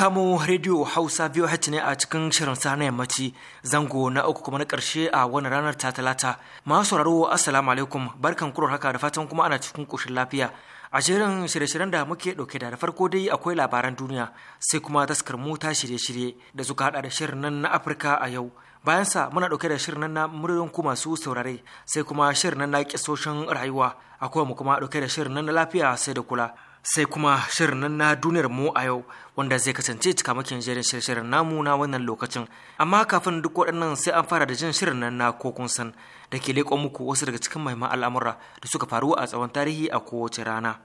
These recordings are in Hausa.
kamo rediyo hausa biyu hati ne a cikin shirin sa na yammaci zango na uku kuma na karshe a wani ranar ta talata masu sauraro assalamu alaikum barkan kurar haka da fatan kuma ana cikin koshin lafiya a shirin shirye-shiryen da muke dauke da farko dai akwai labaran duniya sai kuma taskar mota shirye-shirye da suka hada da shirin nan na afirka a yau bayan sa muna dauke da shirin nan na muryoyin ku masu saurare sai kuma shirin nan na kisoshin rayuwa akwai mu kuma dauke da shirin nan na lafiya sai da kula sai kuma shirin nan na duniyar mu a yau wanda zai kasance cikamakin jerin shirin namu na wannan lokacin amma kafin duk waɗannan sai an fara da jin shirin nan na kokun san da ke leƙo muku wasu daga cikin mahimman al'amura da suka faru a tsawon tarihi a kowace rana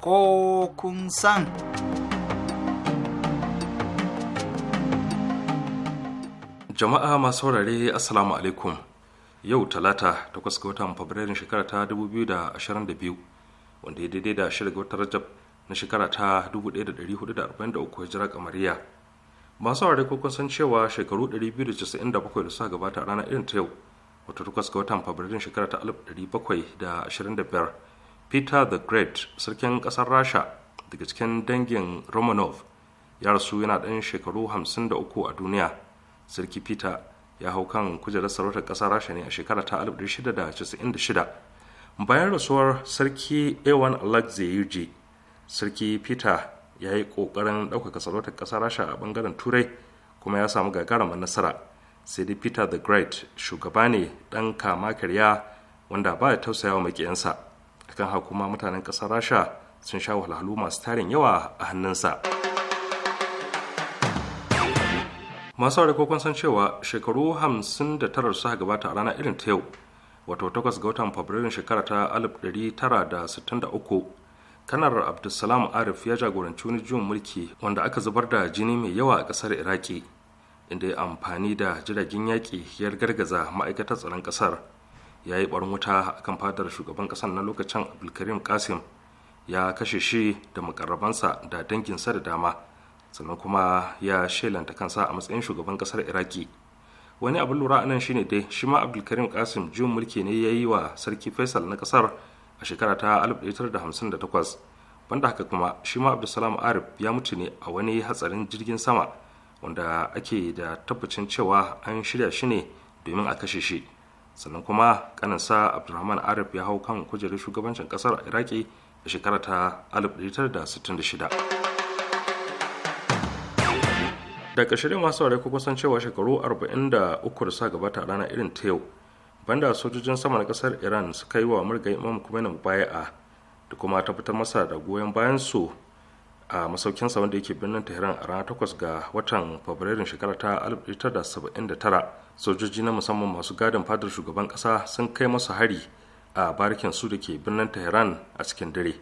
kokun san jama'a masu saurare assalamu alaikum yau talata 8 ga watan fabrairun shekara ta 2022 wanda ya daidai da ga watan rajab na shekara ta 1443 hijira kamariya masu aure kun san cewa shekaru 297 da suka gabata a ranar irin ta yau wato 8 ga watan fabrairun shekara ta 1725 peter the great sarkin kasar rasha daga cikin dangin romanov ya rasu yana ɗan shekaru 53 a duniya sarki peter ya hau kan kujerar sarautar ƙasar rasha ne a shekara ta 1696 bayan rasuwar sarki a1 alexei sarki peter ya yi ƙoƙarin ɗaukaka sarautar ƙasar rasha a ɓangaren turai kuma ya samu gagarumin nasara sai dai peter the great shugaba ne ɗan kama karya wanda ba ya tausayawa makiyansa akan haka kuma mutanen ƙasar rasha sun sha wahalhalu masu tarin yawa a hannunsa. masu aure san cewa shekaru 59 suka gabata a rana irin ta yau wato 8 ga watan Fabrairu shekara ta 1963 kanar abdulsalam arif ya jagoranci wani juyin mulki wanda aka zubar da jini mai yawa a kasar iraki inda ya amfani da jiragen yaƙi ya gargaza ma'aikatar tsaron kasar ya yi barin wuta a kan fadar shugaban kasar na lokacin abdulkarim kasim ya kashe shi da mukarrabansa da danginsa da dama sannan kuma ya shelanta kansa a matsayin shugaban kasar iraki wani abin lura anan shine dai shi ma abdulkarim kasim jin mulki ne ya yi wa sarki faisal na kasar a shekara ta 1958 banda haka kuma shi ma abdulsalam arif ya mutu ne a wani hatsarin jirgin sama wanda ake da tabbacin cewa an shirya shi ne domin a kashe shi sannan kuma kaninsa abdulrahman arif ya hau kan kujerar shugabancin kasar iraki a shekara ta 1966 da shirin masu saurari ko kusan cewa shekaru 43 da sa gabata a rana irin ta yau banda sojojin sama na kasar iran suka yi wa murga imam baya a da kuma tabbatar masa da goyon bayan su a sa wanda yake birnin tehran a ranar 8 ga watan fabrairun shekara ta 1979 sojoji na musamman masu gadin fadar shugaban ƙasa sun kai masa hari a barikin su da ke birnin tehran a cikin dare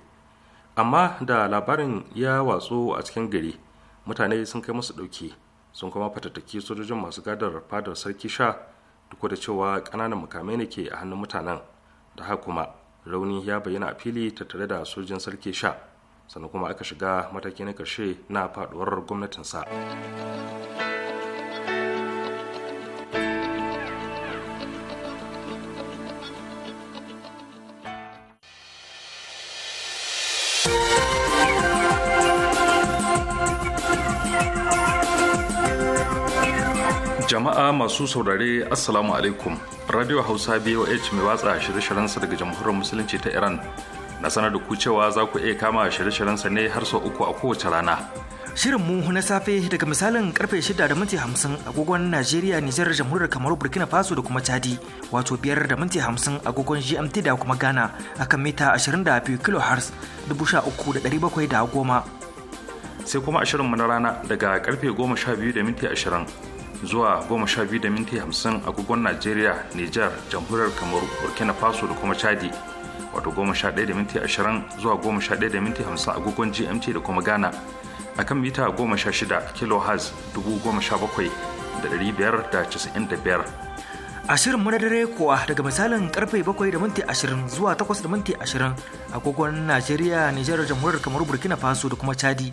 amma da labarin ya watsu a cikin gari mutane sun kai masu ɗauke. sun kuma fatattaki sojojin masu gadar fadar sarki sha duk da cewa kananan mukamai ne ke a hannun mutanen da haka kuma rauni ya bayyana a fili tattare da sojojin sarki sha sannan kuma aka shiga mataki na karshe na faɗuwar sa jama'a masu saurare assalamu alaikum radio hausa boh mai watsa shirye shiryen sa daga jamhuriyar musulunci ta iran na sanar da ku cewa za ku iya kama shirye shiryen sa ne har sau uku a kowace rana Shirinmu na safe daga misalin karfe shida da minti 50 agogon Najeriya, Nijar, Jamhuriyar Kamaru, Burkina Faso da kuma Chadi, wato biyar da minti 50 agogon GMT da kuma Ghana akan mita 22 kHz 13,710. Sai kuma a shirinmu na rana daga karfe goma 12 da minti 20 zuwa biyu da minti hamsin, agogon Najeriya, Nijar, Jamhuriyar Kamaru, Burkina Faso da kuma Chadi. Wato ɗaya da minti ashirin zuwa ɗaya da minti hamsin agogon GMT da kuma Ghana. A kan mita 16 kHz 17,595. a mu na dare kuwa daga misalin karfe 7 da minti 20 zuwa 8 da minti 20 agogon Najeriya, Nijar, Jamhuriyar Kamaru, Burkina Faso da kuma Chadi.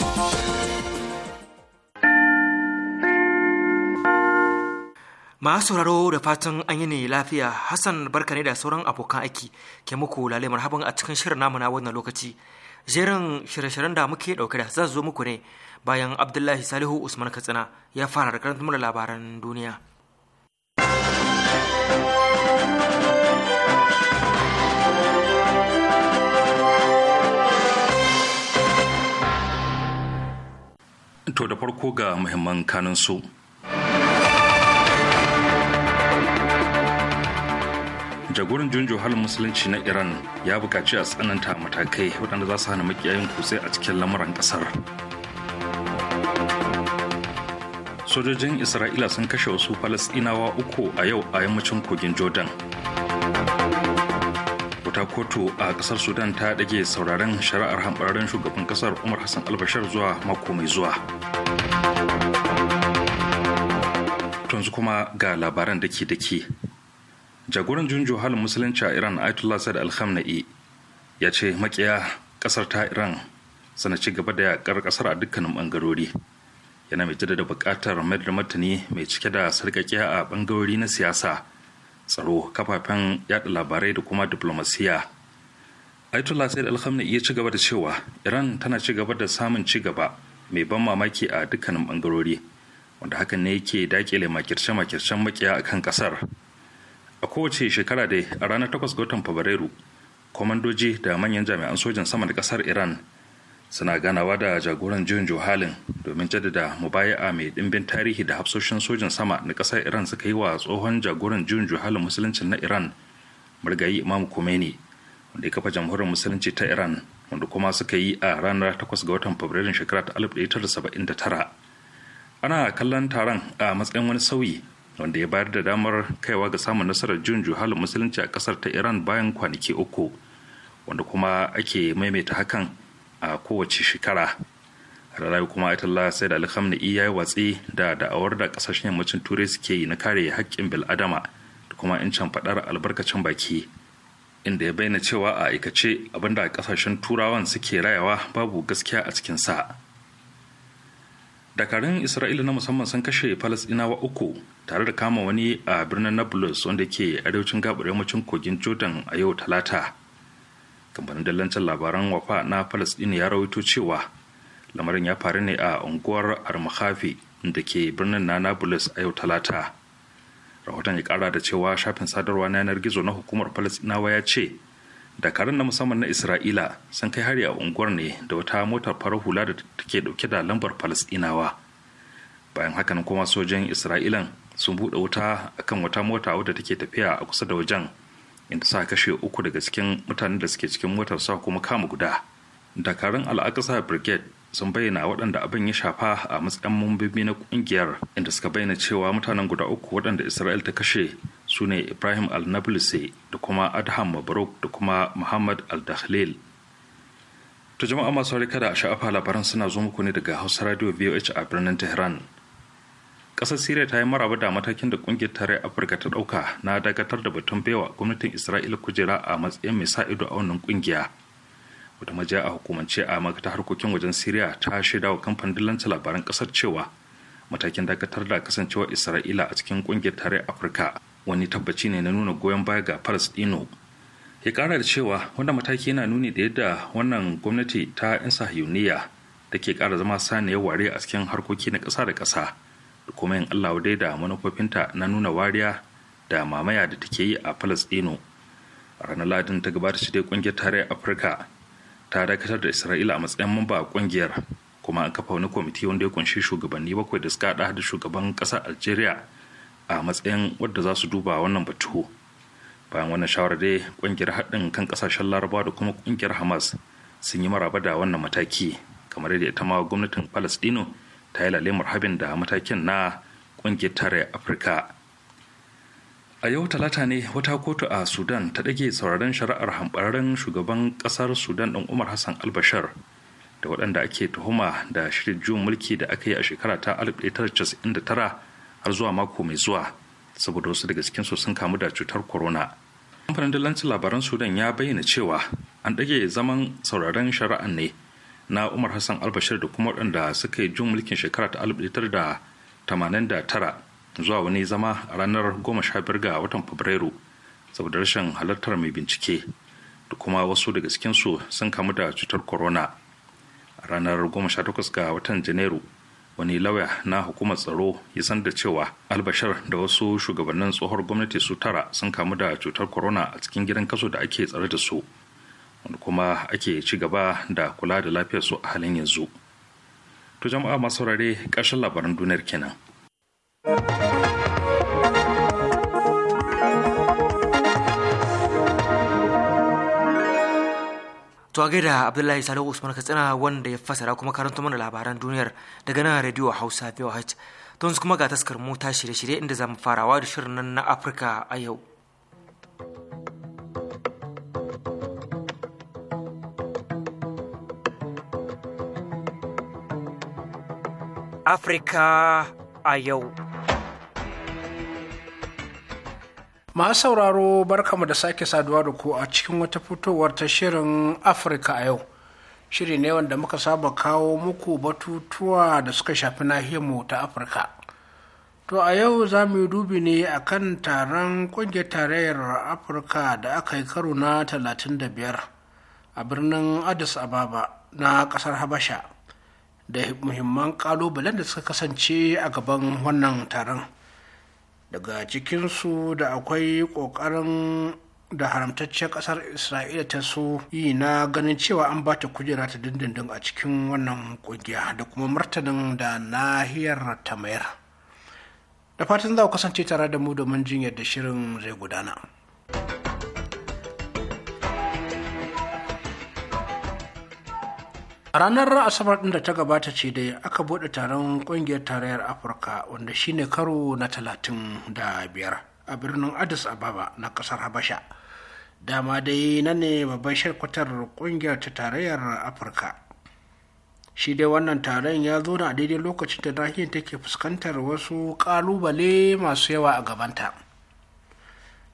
you Masu sauraro da fatan an yi ne lafiya Hassan barka ne da sauran abokan aiki ke muku lalai marhaban a cikin shirin namu wannan lokaci. Jerin shirye-shiryen da muke ɗauke da zan zo muku ne bayan Abdullahi Salihu Usman Katsina ya fara da karanta mana labaran duniya. To da farko ga muhimman kanin su. jagoran junjo halin musulunci na iran ya bukaci a tsananta matakai waɗanda za su hana makiyayin kutse a cikin lamuran ƙasar sojojin isra'ila sun kashe wasu falasɗinawa uku a yau a yammacin kogin jordan wata kotu a ƙasar sudan ta ɗage sauraren shari'ar hambararren shugaban ƙasar umar hassan albashar zuwa mako mai zuwa yanzu kuma ga labaran dake-dake jagoran junjo halin musulunci a iran ayatollah said alhamna'i ya ce makiya kasar ta iran sana ci gaba da yakar kasar a dukkanin bangarori yana mai jaddada buƙatar mayar da martani mai cike da sarƙaƙe a bangarori na siyasa tsaro kafafen yada labarai da kuma diplomasiya ayatollah said al-khamna'i ya ci gaba da cewa iran tana ci gaba da samun ci gaba mai ban mamaki a dukkanin bangarori wanda hakan ne yake dakile makirce-makircen makiya akan kasar a kowace shekara dai a ranar 8 ga watan fabrairu kwamandoji da manyan jami'an sojan sama da kasar iran suna ganawa da jagoran juyin johalin domin jaddada mubaya'a mai dimbin tarihi da hafsoshin sojan sama na kasar iran suka yi wa tsohon jagoran juyin johalin musulunci na iran margayi imam khomeini wanda ya kafa jamhuriyar musulunci ta iran wanda kuma suka yi a ranar 8 ga watan Fabrairu shekara ta 1979 ana kallon taron a matsayin wani sauyi wanda ya bayar da damar kaiwa ga samun nasarar jin juhalin musulunci a kasar ta iran bayan kwanaki uku wanda kuma ake maimaita hakan a kowace shekara rarrabe kuma ayatollah sai da alhamdi ya yi watsi da da'awar da kasashen yammacin turai suke yi na kare haƙƙin bil'adama da kuma incin faɗar albarkacin baki inda ya bayyana cewa a aikace abinda kasashen turawan suke rayawa babu gaskiya a cikin sa dakarun isra'ila na musamman sun kashe falasɗinawa uku tare da kama wani a birnin nablus wanda ke arewacin gabar yammacin kogin jordan a yau talata kamfanin dallancin labaran wafa na palestine ya rawaito cewa lamarin ya faru ne a unguwar armahafi da ke birnin na nablus a yau talata rahoton ya kara da cewa shafin sadarwa na yanar gizo na hukumar palestinawa ya ce dakarun na musamman na isra'ila sun kai hari a unguwar ne da wata motar farar hula da take dauke da lambar palestinawa bayan hakan kuma sojan isra'ilan sun buɗe wuta akan wata mota wadda take tafiya a kusa da wajen inda sa kashe uku daga cikin mutanen da suke cikin motar sa kuma kama guda dakarun al'akasa brigade sun bayyana waɗanda abin ya shafa a matsayin mambobi na kungiyar inda suka bayyana cewa mutanen guda uku waɗanda isra'il ta kashe su ne ibrahim al da kuma adham mabruk da kuma muhammad al-dakhlil ta jama'a masu kada a sha'afa labaran suna zo muku ne daga hausa radio voh a birnin tehran kasar syria ta yi maraba da matakin da kungiyar tare afirka ta dauka na dakatar da batun baiwa gwamnatin isra'ila kujera a matsayin mai sa ido a wannan kungiya wata majiya a hukumance a makata harkokin wajen syria ta shaida wa kamfanin dillancin labaran kasar cewa matakin dakatar da kasancewar isra'ila a cikin kungiyar tare afirka wani tabbaci ne na nuna goyon baya ga palestino ya kara da cewa wannan mataki yana nuni da yadda wannan gwamnati ta 'yan sahiyuniya take kara zama sani ya ware a cikin harkoki na kasa da kasa. kuma yin allah dai da manufofinta na nuna wariya da mamaya da take yi a falasɗinu Dino. ranar ladin ta gabata shi dai kungiyar tarayyar afirka ta dakatar da isra'ila a matsayin mamba a kungiyar kuma an kafa wani kwamiti wanda ya kunshi shugabanni bakwai da suka hada da shugaban ƙasar algeria a matsayin wadda za su duba wannan batu bayan wannan shawarar dai kungiyar haɗin kan ƙasashen laraba da kuma kungiyar hamas sun yi maraba da wannan mataki kamar yadda ita ma gwamnatin falasɗinu ta yi lalemar habin da matakin na ƙungiyar tare afirka a yau talata ne wata kotu a sudan ta ɗage sauraron shari'ar hambararren shugaban ƙasar sudan ɗan umar hassan albashar da waɗanda ake tuhuma da shirin juyin mulki da aka yi a shekara ta 1999 har zuwa mako mai zuwa saboda wasu daga cikinsu sun kamu da cutar corona kamfanin dillancin labaran sudan ya bayyana cewa an ɗage zaman sauraron shari'ar ne na umar hassan albashir da kuma waɗanda suka yi jin mulkin shekara ta da da tamanin tara zuwa wani zama a ranar goma sha biyar ga watan fabrairu saboda rashin halartar mai bincike da kuma wasu daga cikinsu sun kamu da cutar corona a ranar sha takwas ga watan janairu wani lauya na hukumar tsaro ya san da cewa albashar da wasu shugabannin tsohon gwamnati su tara sun kamu da cutar corona a cikin gidan kaso da ake tsare da su wanda kuma ake ci gaba da kula da lafiyar su a halin yanzu to jama'a masu saurare ƙarshen labaran duniyar kenan To a gaida Abdullahi Salihu Usman Katsina wanda ya fasara kuma karanta mana labaran duniyar daga nan Radio Hausa VOH. Don kuma ga taskar mota shirye-shirye inda zamu farawa da shirin nan na Afirka a yau. Afirka a yau. Masu sauraro barkamu da sake saduwa da ku a cikin wata fitowar ta shirin Afirka a yau. Shiri ne wanda muka saba kawo muku batutuwa da suka shafi nahiyarmu ta Afirka. To a yau za mu yi dubi ne a kan taron ƙungiyar tarayyar Afirka da aka yi karo na 35 a birnin Addis Ababa na ƙasar Habasha. da muhimman kalubalen da suka kasance a gaban wannan taron daga cikinsu da akwai ƙoƙarin da haramtacciyar ƙasar isra'ila ta so yi na ganin cewa an ba ta kujera ta dindindin a cikin wannan ƙungiya da kuma martanin da nahiyar ta mayar da fatan za ku kasance tare da mu domin jin yadda shirin zai gudana. a ranar asabar ɗin da ta gabata ce dai aka buɗe taron ƙungiyar tarayyar afirka wanda shine karo na talatin da biyar a birnin addis ababa na ƙasar habasha dama dai na ne babban shirkutar ƙungiyar ta tarayyar afirka shi dai wannan taron ya zo na daidai lokacin da nahiyar take fuskantar wasu kalubale masu yawa a gabanta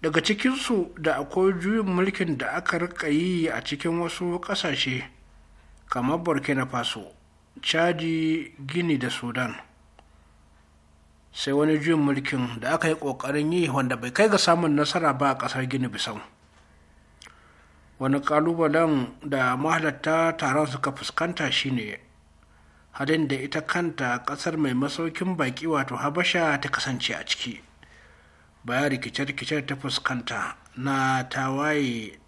daga cikinsu da akwai juyin mulkin da aka rika yi a cikin wasu ƙasashe kamar burkina faso chadi gini da sudan sai wani juyin mulkin da aka yi ƙoƙarin yi wanda bai kai ga samun nasara ba a ƙasar gini bisau wani ƙalubalen da mahalarta taron suka fuskanta shine halin da ita kanta ƙasar mai masaukin baƙi wato habasha ta kasance a ciki bayan rikice-rikicen ta fuskanta na tawaye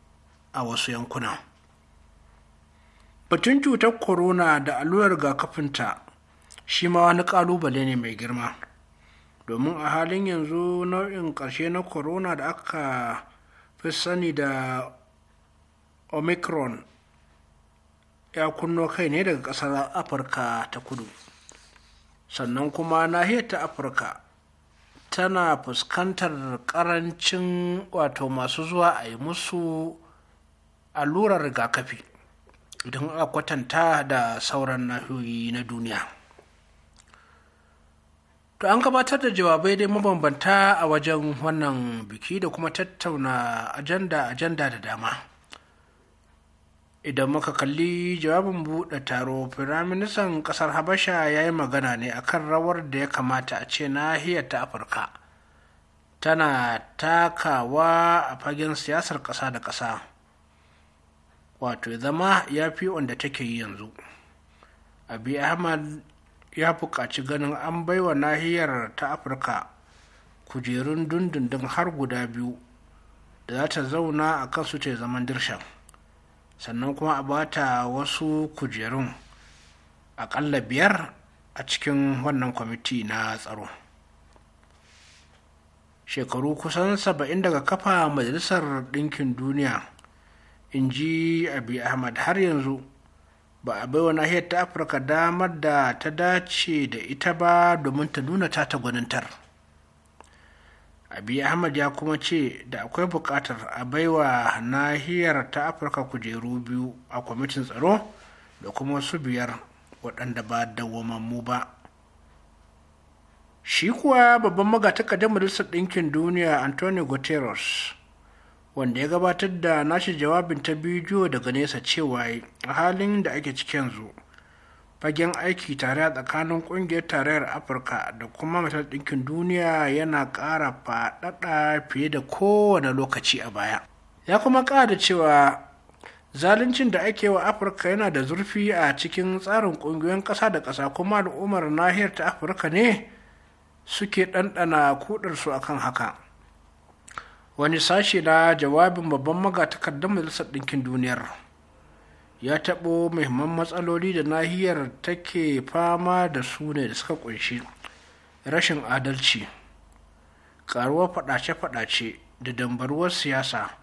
a wasu yankuna. batun cutar corona da allurar rigakafinta shi ma wani kalubale ne mai girma domin a halin yanzu nau'in ƙarshe na corona da aka fi sani da omicron ya kunno kai ne daga ƙasar afirka ta kudu sannan kuma nahiyar ta afirka tana fuskantar ƙarancin wato masu zuwa a yi musu allurar rigakafi idan a kwatanta da sauran nahiyoyi na duniya to an gabatar da jawabai dai mabambanta a wajen wannan biki da kuma tattauna ajanda-ajanda da dama idan muka kalli jawabin buɗe taro firaministan ƙasar habasha ya yi magana ne akan rawar da ya kamata a ce nahiyar ta afirka tana takawa a fagen siyasar ƙasa da ƙasa wato zama ya fi wanda take yi yanzu abi ahmad ya buƙaci ganin an baiwa nahiyar ta afirka kujerun dundundun har guda biyu da za ta zauna a kansu ta zaman dirshan sannan kuma a bata wasu kujerun aƙalla biyar a cikin wannan kwamiti na tsaro shekaru kusan saba'in daga kafa majalisar ɗinkin duniya in ji abi ahmad har yanzu ba a baiwa nahiyar ta afirka damar da ta dace da ita ba domin ta nuna ta ta gwanantar abi ahmad ya kuma ce da akwai buƙatar a baiwa nahiyar ta afirka kujeru biyu a kwamitin tsaro da kuma wasu biyar waɗanda ba mu ba shi kuwa babban magatakardar majalisar ɗinkin duniya antonio guterres wanda ya gabatar da nashi jawabin ta bidiyo daga nesa cewa a halin da ake ciki yanzu fagen aiki tare a tsakanin kungiyar tarayyar afirka da kuma matar ɗinkin duniya yana ƙara faɗaɗa fiye da kowane lokaci a baya ya kuma ƙara cewa zaluncin da ake wa afirka yana da zurfi a cikin tsarin ƙungiyoyin ƙasa da ƙasa kuma al'ummar nahiyar ta afirka ne suke ɗanɗana kudarsu akan haka wani sashe na jawabin babban magatakardar majalisar ɗinkin duniyar ya taɓo muhimman matsaloli da nahiyar take fama da su ne da suka ƙunshi? rashin adalci ƙaruwar faɗace-faɗace da dambaruwar siyasa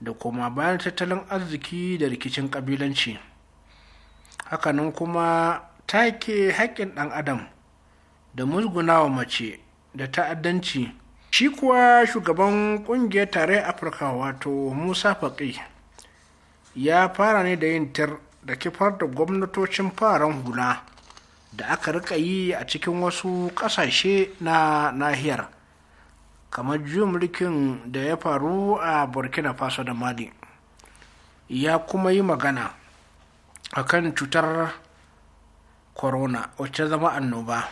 da kuma bayan tattalin arziki da rikicin ƙabilanci hakanan kuma take haƙƙin ɗan adam da musgunawa mace da ta'addanci shi kuwa shugaban kungiyar tare afirka wato musa faƙi ya fara ne da yin tir da kifar da gwamnatocin faran hula da aka rika yi a cikin wasu ƙasashe na nahiyar kamar juyin mulkin da ya faru a burkina faso da mali ya kuma yi magana a kan cutar corona wacce zama annoba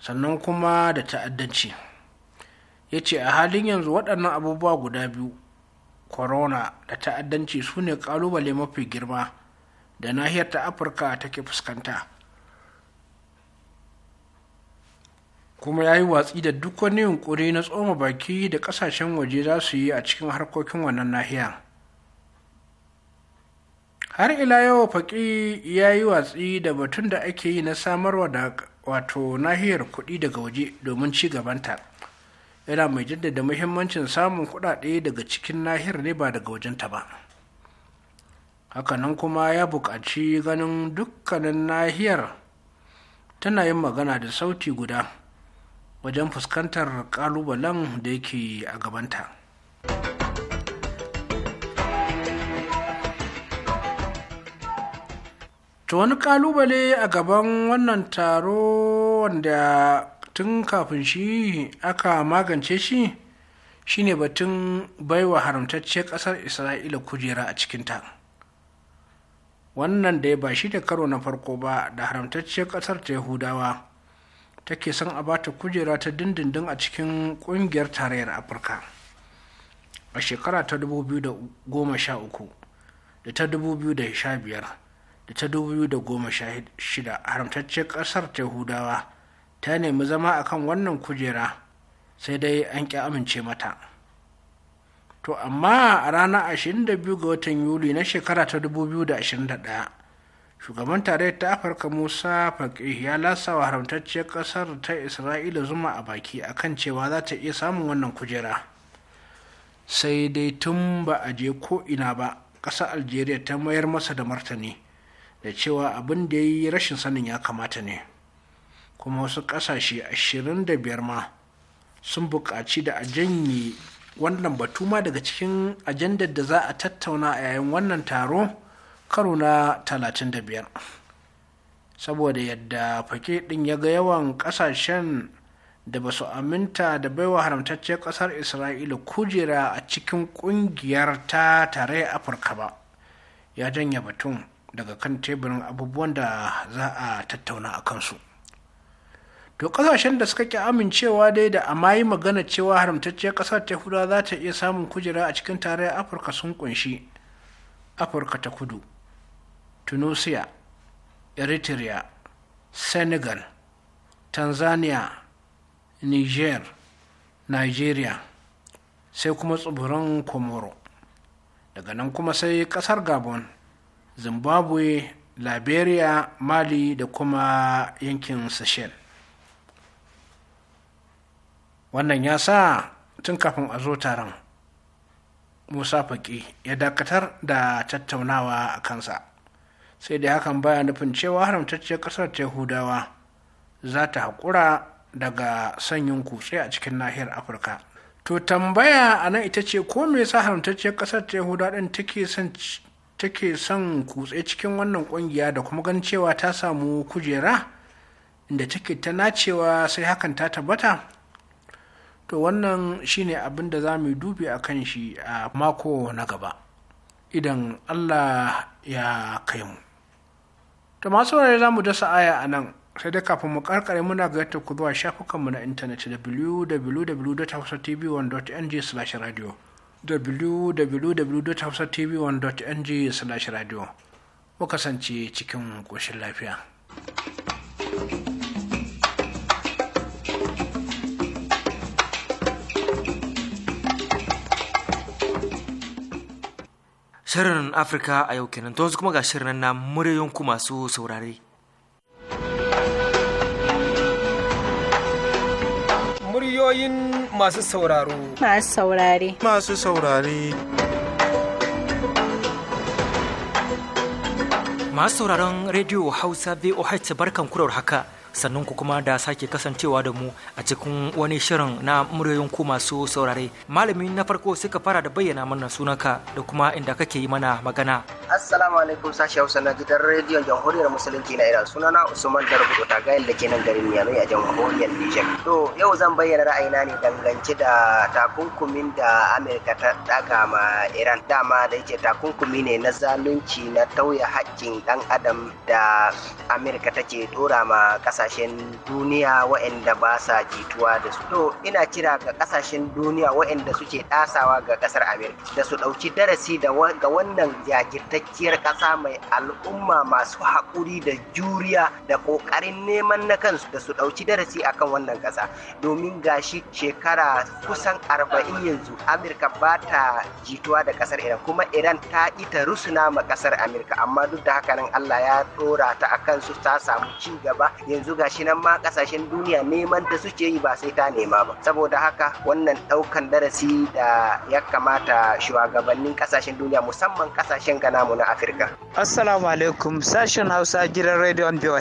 sannan kuma da ta'addanci. ya ce a halin yanzu waɗannan abubuwa guda biyu corona da ta'addanci su ne ƙalubale mafi girma da nahiyar ta afirka take fuskanta kuma ya yi watsi da duk wani yunkuri na tsoma baki da ƙasashen waje za su yi a cikin harkokin wannan nahiyar har ila yau faƙi ya yi watsi da batun da ake yi na samarwa da wato nahiyar kuɗi daga waje domin ci gabanta yana mai jaddada muhimmancin samun kuɗaɗe daga cikin nahiyar ne ba daga wajenta ba hakanan kuma ya buƙaci ganin dukkanin nahiyar tana yin magana da sauti guda wajen fuskantar ƙalubalen da yake a gabanta to wani ƙalubale a gaban wannan taro wanda tun kafin shi aka magance shi shine batun baiwa haramtacciyar ƙasar isra'ila kujera a cikinta wannan dai ba shi da karo na farko ba da haramtacce ƙasar ta yahudawa take son a bata kujera ta dindindin a cikin ƙungiyar tarayyar afirka a shekara ta 2013 da ta 2015 da ta 2016 Haramtacce ƙasar ta yahudawa ta nemi zama a kan wannan kujera sai dai an ƙi amince mata to amma a ranar 22 ga watan yuli na shekara ta 2021 shugaban tarayyar ta afirka musa faƙih ya lasawa haramtacciyar ƙasar ta isra'ila zuma a baki akan cewa za ta iya samun wannan kujera sai dai tun ba a je ko'ina ba ƙasar algeria ta mayar masa da martani da cewa abin da ya yi rashin sanin ya kamata ne kuma wasu ƙasashe 25 ma sun buƙaci da a janye wannan batu ma daga cikin ajandar da za a tattauna a yayin wannan taro karo na 35 saboda yadda fake ɗin ya ga yawan ƙasashen da ba su aminta da baiwa haramtacciyar ƙasar isra'ila kujera a cikin ƙungiyar ta tare afirka ba ya janye batun daga kan teburin abubuwan da za a tattauna a kansu. to kasashen da suka ki amincewa dai da a mayi magana cewa haramtacciyar ƙasar ta huda za ta iya samun kujera a cikin tarayyar afirka sun kunshi afirka ta kudu tunisia eritrea senegal tanzania niger nigeria sai kuma tsibirin komoro daga nan kuma sai kasar gabon zimbabwe liberia mali da kuma yankin seychelles wannan ya sa tun kafin a zo taron musa faƙi ya dakatar da tattaunawa a kansa sai da hakan baya nufin cewa haramtacciyar ƙasar ta yahudawa za ta haƙura daga sanyin kutse a cikin nahiyar afirka to tambaya a nan ita ce ko me yasa haramtacciyar ƙasar ta ɗin take son son kutse cikin wannan ƙungiya da kuma ganin cewa ta samu kujera inda take ta nacewa sai hakan ta tabbata to wannan shine abin da za mu dubi a kan shi a mako na gaba idan allah ya kai mu ta masu wani za mu dasa aya a nan sai dai kafin mu karkare muna ga yadda ku zuwa shafukanmu na intanet www.hausatv1.ng slash radio www.hausatv1.ng slash radio mu kasance cikin ƙoshin lafiya. thank you Shirin Afirka a yau kenan to kuma ga shirin na muryoyin ku masu saurare. Muryoyin masu sauraro. Masu saurare. Masu saurare. Masu sauraron Radio Hausa VOH barkan kurar haka. sannan ku kuma da sake kasancewa da mu a cikin wani shirin na muryoyin ku masu saurare malami na farko suka fara da bayyana mana sunanka da kuma inda kake yi mana magana assalamu alaikum sashi hausa na gidan rediyon jamhuriyar musulunci na iran sunana usman darbudu tagayin da ke nan garin miyamai a jamhuriyar nijar to yau zan bayyana ra'ayina ne dangance da takunkumin da amurka ta daga ma iran dama da yake takunkumi ne na zalunci na tauya haƙƙin ɗan adam da amurka take dora ma ƙasa kasashen duniya waɗanda ba sa jituwa da su to ina kira ga kasashen duniya waɗanda suke ɗasawa ga ƙasar amerika da su ɗauki darasi ga wannan jagirtacciyar ƙasa mai al'umma masu haƙuri da juriya da ƙoƙarin neman na kansu da su ɗauki darasi akan wannan ƙasa domin gashi shekara kusan arba'in yanzu amurka ba ta jituwa da ƙasar iran kuma iran ta ita rusuna ma ƙasar amurka amma duk da haka nan allah ya ɗora ta akan su ta samu ci gaba yanzu yanzu gashi nan ma kasashen duniya neman da suke yi ba sai ta nema ba saboda haka wannan daukan darasi da ya kamata shugabannin kasashen duniya musamman kasashen gana mu na afirka assalamu alaikum sashen hausa gidan Radio on bioh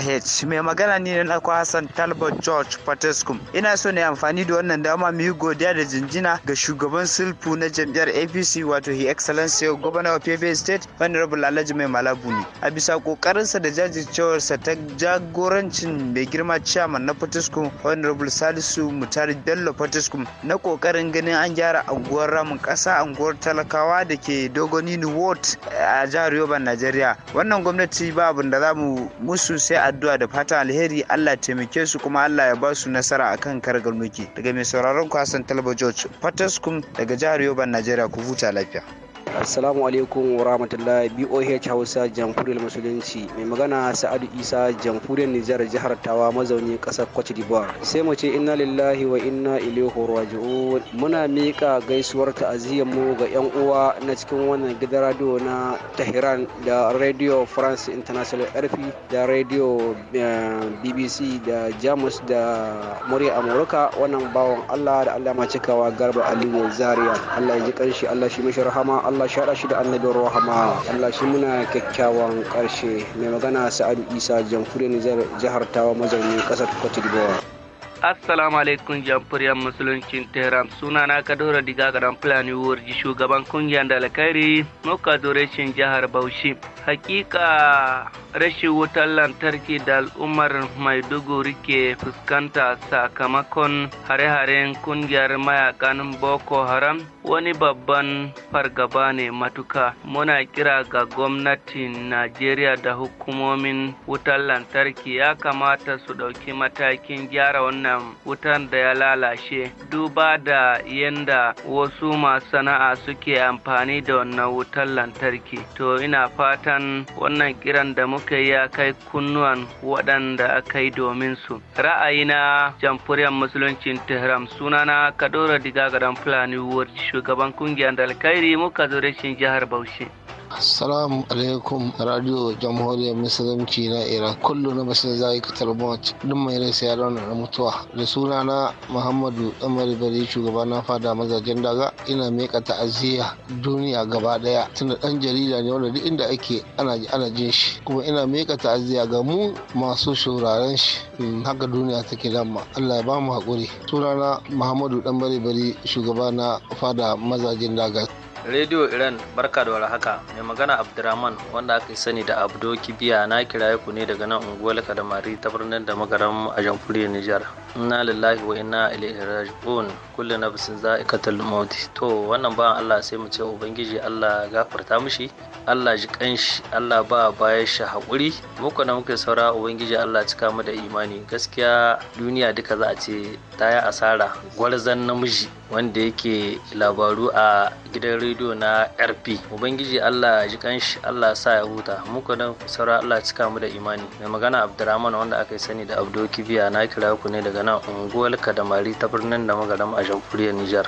mai magana ne na hassan talbot george patescum ina so ne amfani da wannan dama mu yi godiya da jinjina ga shugaban sulfu na jam'iyyar apc wato his excellency governor of Pepe state honorable alhaji mai malabu ne a bisa kokarinsa da jajircewarsa ta jagorancin mai girma chairman na Fortescue Honorable Salisu Mutari Bello Fortescue na kokarin ganin an gyara anguwar ramin kasa anguwar talakawa da ke Dogonini Ward eh, a jihar Yoruba, Najeriya. Wannan gwamnati ba abin da za mu musu sai addu'a da fatan alheri Allah taimake su kuma Allah ya ba su nasara akan kargar mulki. Daga mai sauraron kwasan Talba George Fortescue daga jihar Yoruba, Najeriya ku huta lafiya. Assalamu alaikum wa rahmatullahi BOH Hausa Jamhuriyar Musulunci mai magana Sa'adu Isa Jamhuriyar Nijar jihar Tawa mazaunin ƙasar Cote d'Ivoire. Sai mu ce inna lillahi wa inna ilaihi raji'un. Muna mika gaisuwar ta'aziyyar mu ga yan uwa na cikin wannan gidan radio na Tehran da Radio France International RF da Radio eh, BBC da Jamus da Murya Amurka wannan bawon Allah da Allah ma cikawa Garba Aliyu Zaria. Allah ya ji kanshi Allah shi mishi rahama Allah Allah shi haɗa shi da annabin rahama Allah shi muna kyakkyawan ƙarshe mai magana sa'adu isa jamhuriyar jihar tawa mazauni ƙasar cote d'ivoire assalamu alaikum musuluncin tehran suna na kadora diga dan fulani warji shugaban kungiyar dalakari muka shin jihar bauchi hakika rashin wutar lantarki da al'ummar maiduguri ke fuskanta sakamakon hare-haren kungiyar mayakan boko haram wani babban fargaba ne matuka muna kira ga gwamnatin najeriya da hukumomin wutar lantarki ya kamata su ɗauki matakin gyara wannan wutar da ya lalace duba da yadda wasu masu sana'a suke amfani da wannan wutar lantarki to ina fatan wannan kiran da muka yi ya kai kunnuwan waɗanda aka yi domin su ra'ayina jamhuriyar musuluncin tehram sunana kadora diga gadan fulani wurci shugaban kungiyar alkhairi muka zo rashin jihar Bauchi. Salamu alaikum radio jamhuriyar musulunci na Iran. Kullum na basu zai ka tarbawac din mai rai sai na mutuwa. Da suna na Muhammadu Umar Bari shugaba na fada mazajen daga ina meka ta'aziyya duniya gaba daya. Tunda dan jarida ne wanda duk inda ake ana jin shi. Kuma ina meka ta'aziyya ga mu masu shauraren shi. Hmm, haka duniya take ma, Allah ya ba mu hakuri. Suna na Muhammadu Dan Bari Bari shugaba na fada mazajen daga. Radio Iran barka da warhaka mai magana Abdurrahman wanda aka sani da Abdo Kibiya na kiraye ku ne daga nan unguwar Kadamari ta birnin da magaram a jamhuriyar Nijar. inna lillahi wa inna ilaihi raji'un kullu nafsin za'iqatul maut to wannan ba Allah sai mu ce ubangiji Allah gafarta mishi Allah ji kanshi Allah ba bayan shi hakuri muku na muke saura ubangiji Allah cika mu da imani gaskiya duniya duka za a ce ta yi asara gwarzan namiji wanda yake labaru a gidan rediyo na RP ubangiji Allah ji kanshi Allah sa ya huta muku na saura Allah cika mu da imani mai magana Abdurrahman wanda aka yi sani da Abdo Kibiya na kira ku ne daga magana unguwar kadamari ta birnin da magaram a jamhuriyar nijar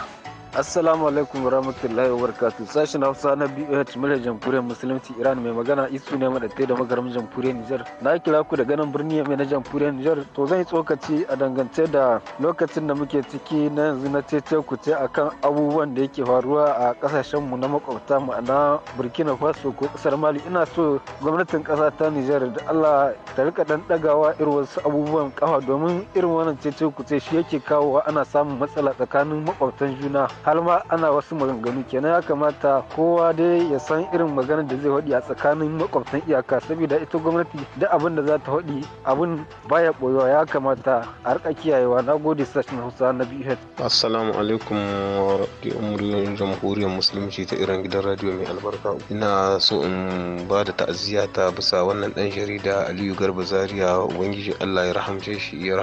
Assalamu alaikum warahmatullahi sashi Sashen Hausa na BOH Muryar Jamhuriyar Musulunci Iran mai magana Isu ne madatai da magaram Jamhuriyar Nijar. Na kira ku da ganin birni mai na Jamhuriyar Nijar. To zan yi tsokaci a dangance da lokacin da muke ciki na yanzu na tece ku ce akan abubuwan da yake faruwa a kasashen mu na makwabta na Burkina Faso ko kasar Mali. Ina so gwamnatin kasa ta Nijar da Allah ta rika dan dagawa irin wasu abubuwan kafa domin irin wannan tece ku ce shi yake kawowa ana samun matsala tsakanin makwabtan juna. har ma ana wasu maganganu kenan ya kamata kowa dai ya san irin maganar da zai haɗi a tsakanin makwabtan iyaka saboda ita gwamnati da abin da za ta haɗi abin baya ɓoyewa ya kamata a rika kiyayewa na gode sashen hausa na bih assalamu alaikum wa umurin jamhuriyar musulunci ta iran gidan radio mai albarka ina so in ba da ta'aziyya ta bisa wannan dan jarida aliyu garba zaria ubangiji allah ya rahamce shi ya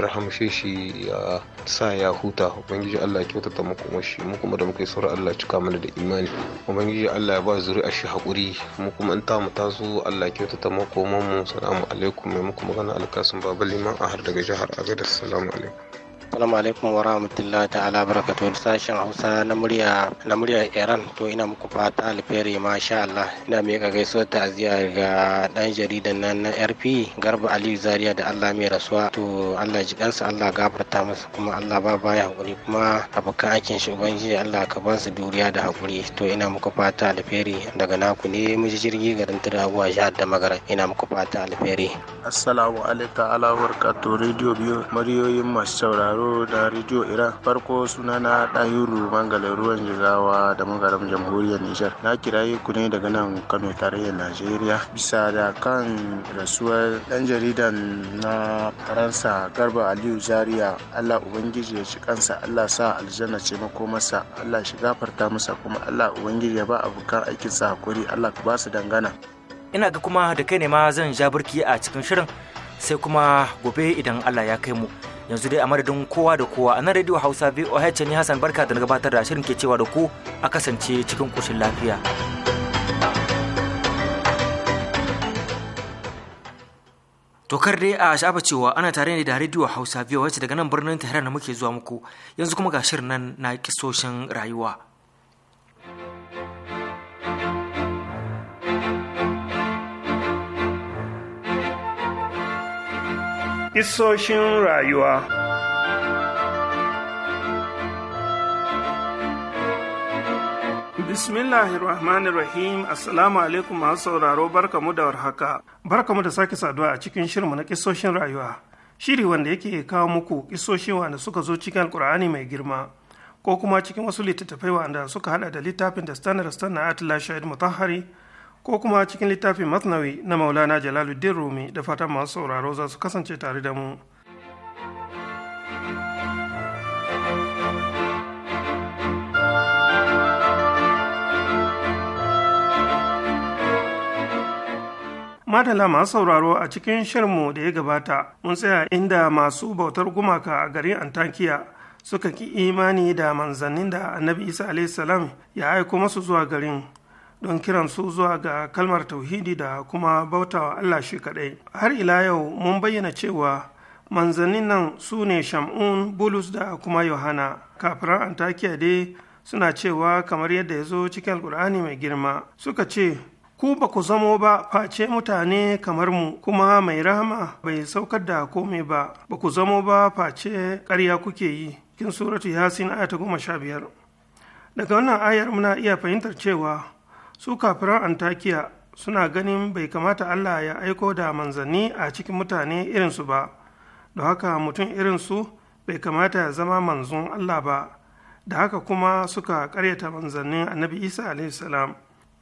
rahamce ya shi ya sa ya huta ubangiji allah ya kyautata kuma shi mu kuma da muka yi sauran Allah cika mana da imani ubangiji Allah ya ba a shi haƙuri mu kuma in ta mu taso Allah ya kyautata makoman mu salamu alaikum mai muku magana alkasun baba liman a har daga jihar Agadez salamu alaikum Assalamu alaikum wa rahmatullahi ta'ala barakatuh sashen Hausa na murya na murya Iran to ina muku fata alheri masha Allah ina miƙa gaisuwar ta'aziyya ga dan jaridan nan na RP Garba Ali Zaria da Allah mai rasuwa to Allah ji kansa Allah gafarta masa kuma Allah ba baya hakuri kuma abokan aikin shi ubangiji Allah ka ba su duriya da hakuri to ina muku fata alheri daga naku ne miji jirgi garin Tirabuwa jihar da Magara ina muku fata alheri Assalamu alaikum ta'ala barakatuh radio biyu mariyoyin masu sauraro sauraro da rediyo iran farko sunana ɗahiru mangala ruwan jigawa da magaram jamhuriyar nijar na kiraye ku ne daga nan kano tarayyar najeriya bisa da kan rasuwar ɗan jaridan na faransa garba aliyu zaria allah ubangiji ya ci kansa allah sa aljanna ce mako masa allah shi gafarta masa kuma allah ubangiji ya ba abokan sa hakuri allah ka ba su dangana ina ga kuma da kai ne ma zan ja birki a cikin shirin sai kuma gobe idan allah ya kai mu yanzu dai a madadin kowa da kowa a nan radio hausa voh ne hasan barka da gabatar da shirin ke cewa da ku a kasance cikin koshin lafiya tokar dai a shafa cewa ana tare ne da radio hausa voh daga nan birnin tehran da muke zuwa muku yanzu kuma ga shirin nan na kisoshin rayuwa Isoshin rayuwa Bismillahirrahmanirrahim Assalamu alaikum masu sauraro barkamu da warhaka. Barkamu da sake saduwa a cikin shirinmu na kisoshin rayuwa. Shiri wanda yake kawo muku kisoshin wanda suka zo cikin alkur'ani mai girma. ko kuma cikin wasu littattafai wanda suka hada da littafin da standard standard atlas shahid mutahari ko kuma cikin littafin masnawi na maulana jalaluddin rumi da fatan masu sauraro za su kasance tare da mu madala masu sauraro a cikin shirinmu da ya gabata mun tsaya inda masu bautar gumaka a garin antakiya suka ki imani da manzannin da annabi isa a.s. ya aiko masu zuwa garin don kiran su zuwa ga kalmar tauhidi da kuma bautawa Allah shi kaɗai. Har ila yau mun bayyana cewa manzannin nan su ne Shamun, Bulus da kuma Yohana. Kafiran Antakiya dai suna cewa kamar yadda ya zo cikin Alƙur'ani mai girma. Suka ce, Ku ba ku zamo ba face mutane kamar mu kuma mai rahama bai saukar da komai ba, ba ku zamo ba face karya kuke yi. Kin suratu Yasin aya ta goma sha biyar. Daga wannan ayar muna iya fahimtar cewa su kafiran antakiya suna ganin bai kamata allah ya aiko da manzanni a cikin mutane irinsu ba da haka mutum irinsu bai kamata ya zama manzon allah ba da haka kuma suka karyata manzannin annabi isa salam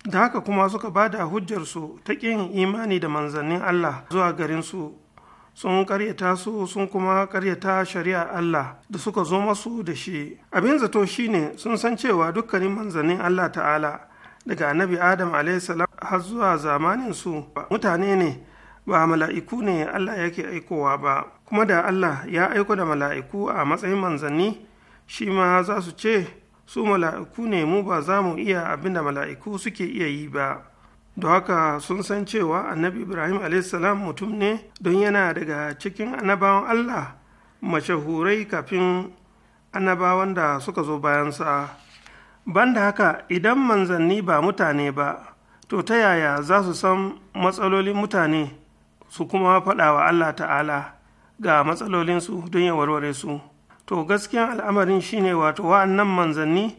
da haka kuma suka ba da hujjarsu ta ƙin imani da manzannin allah zuwa garinsu sun karyata su sun kuma karyata shari'a Allah da suka zo masu da shi abin zato shine sun san cewa dukkanin manzannin Allah ta'ala daga annabi adam salam har zuwa zamanin su mutane ne ba mala'iku ne allah yake aikowa ba kuma da allah ya aiko da mala'iku a matsayin manzanni shi ma za su ce su mala'iku ne mu ba za mu iya abin da mala'iku suke iya yi ba Da haka sun san cewa annabi ibrahim salam mutum ne don yana daga cikin annabawan allah mashahurai kafin annabawan da suka zo bayansa banda haka idan manzanni ba mutane ba to ta yaya za su san matsalolin mutane su kuma faɗa wa allah ta'ala ga matsalolinsu don ya warware su to gaskiyan al'amarin shine wato wa'annan manzanni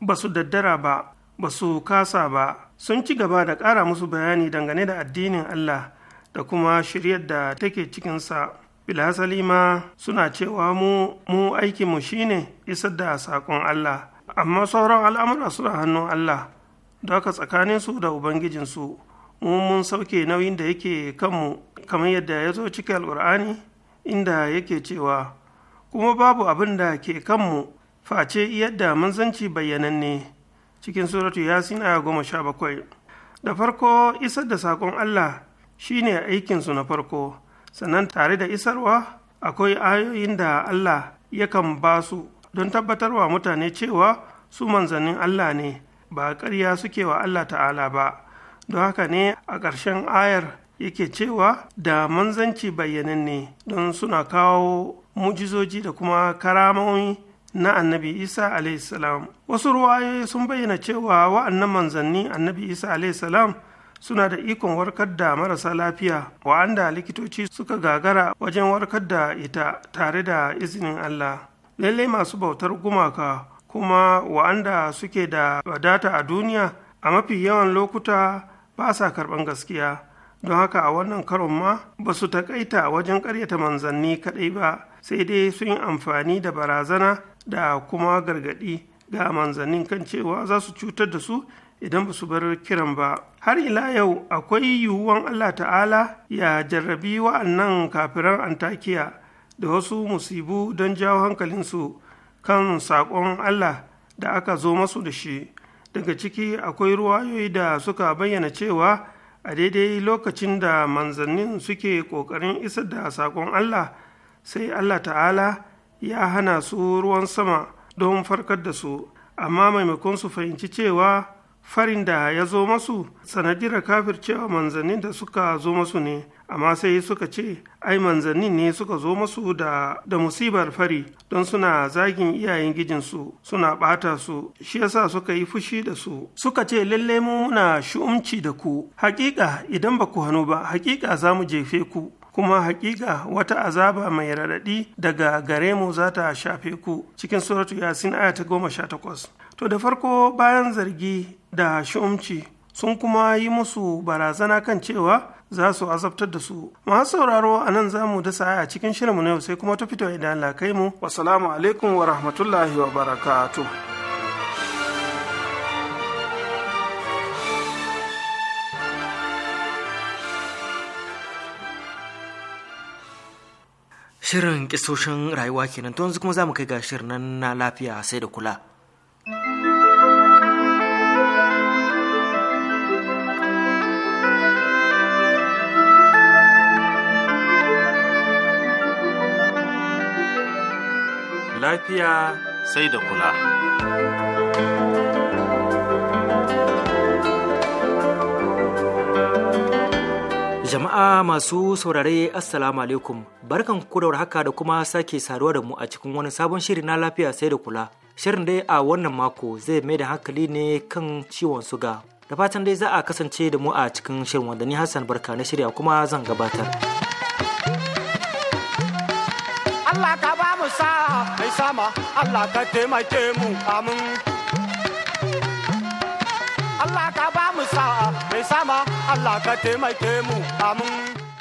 ba su daddara ba ba su kasa ba sun ci gaba da ƙara musu bayani dangane da addinin allah da kuma shiryar da take cikinsa bilhassali ma suna cewa mu mu aikinmu shine isar da saƙon allah amma sauran al'amura suna hannun Allah da haka su da Ubangijinsu mu mun sauke nauyin da yake kanmu kamar yadda ya zo cikin Al'urani inda yake cewa kuma babu abin da ke kanmu face yadda manzanci bayyananne cikin suratu yasin aya goma sha bakwai da farko isar da saƙon Allah shi ne aikinsu na farko sannan tare da isarwa akwai ayoyin da Allah yakan ba su don tabbatar wa mutane cewa su manzannin Allah ne ba ƙarya suke wa Allah ta'ala ba don haka ne a ƙarshen ayar yake cewa da manzanci ne don suna kawo mujizoji da kuma karamomi na annabi isa salam wasu ruwayoyi sun bayyana cewa wa'annan manzanni annabi isa salam suna da ikon warkar da marasa lafiya wa'anda likitoci suka gagara wajen warkar da ita tare da izinin allah lallai masu bautar gumaka kuma wa'anda suke da wadata a duniya a mafi yawan lokuta ba sa karɓan gaskiya don haka a wannan karon ma ba su takaita wajen ƙaryata manzanni kaɗai ba sai dai sun yi amfani da barazana da kuma gargaɗi ga manzannin kan cewa za su cutar da su idan ba su bar kiran ba har ila yau akwai yiwuwan allah ta'ala ya jarrabi wa'annan kafiran antakiya da wasu musibu don jawo hankalinsu kan saƙon Allah da aka zo masu da shi daga ciki akwai ruwayoyi da suka bayyana cewa a daidai lokacin da manzannin suke ƙoƙarin isar da saƙon Allah sai Allah ta'ala ya hana su ruwan sama don farkar da su amma maimakon su fahimci cewa farin da ya zo masu sanadira cewa manzannin da suka zo masu ne amma sai suka ce ai manzannin ne suka zo masu da, da musibar fari don suna zagin iyayen gijinsu suna ɓata su shi yasa suka yi fushi da su suka ce lalle mu muna shu'umci da ku hakika idan ba ku hannu ba hakika za mu jefe ku kuma hakika wata azaba mai raɗaɗi daga gare mu za ta shafe ku cikin suratu yasin aya ta goma sha takwas to da farko bayan zargi da shi'umci sun kuma yi musu barazana kan cewa za su azabtar da su masu sauraro a nan za mu da a cikin shirinmu na yau sai kuma ta fito idan lakai mu wasalamu alaikum wa rahmatullahi wa barakatu. Shirin kisoshin rayuwa kenan to yanzu kuma za mu kai ga shirin na lafiya sai da kula. lafiya sai da kula. Jama'a masu saurare Assalamu alaikum barkan ku da haka da kuma sake saruwa da mu a cikin wani sabon shiri na lafiya sai da kula. Shirin dai a wannan mako zai mai da hankali ne kan ciwon suga. Da fatan dai za a kasance da mu a cikin shirin wanda ni Hassan Barka na shirya kuma zan gabatar. Allah ka ba sa mai sama Allah ka te mu amin Allah ka ba mu sama Allah ka te mu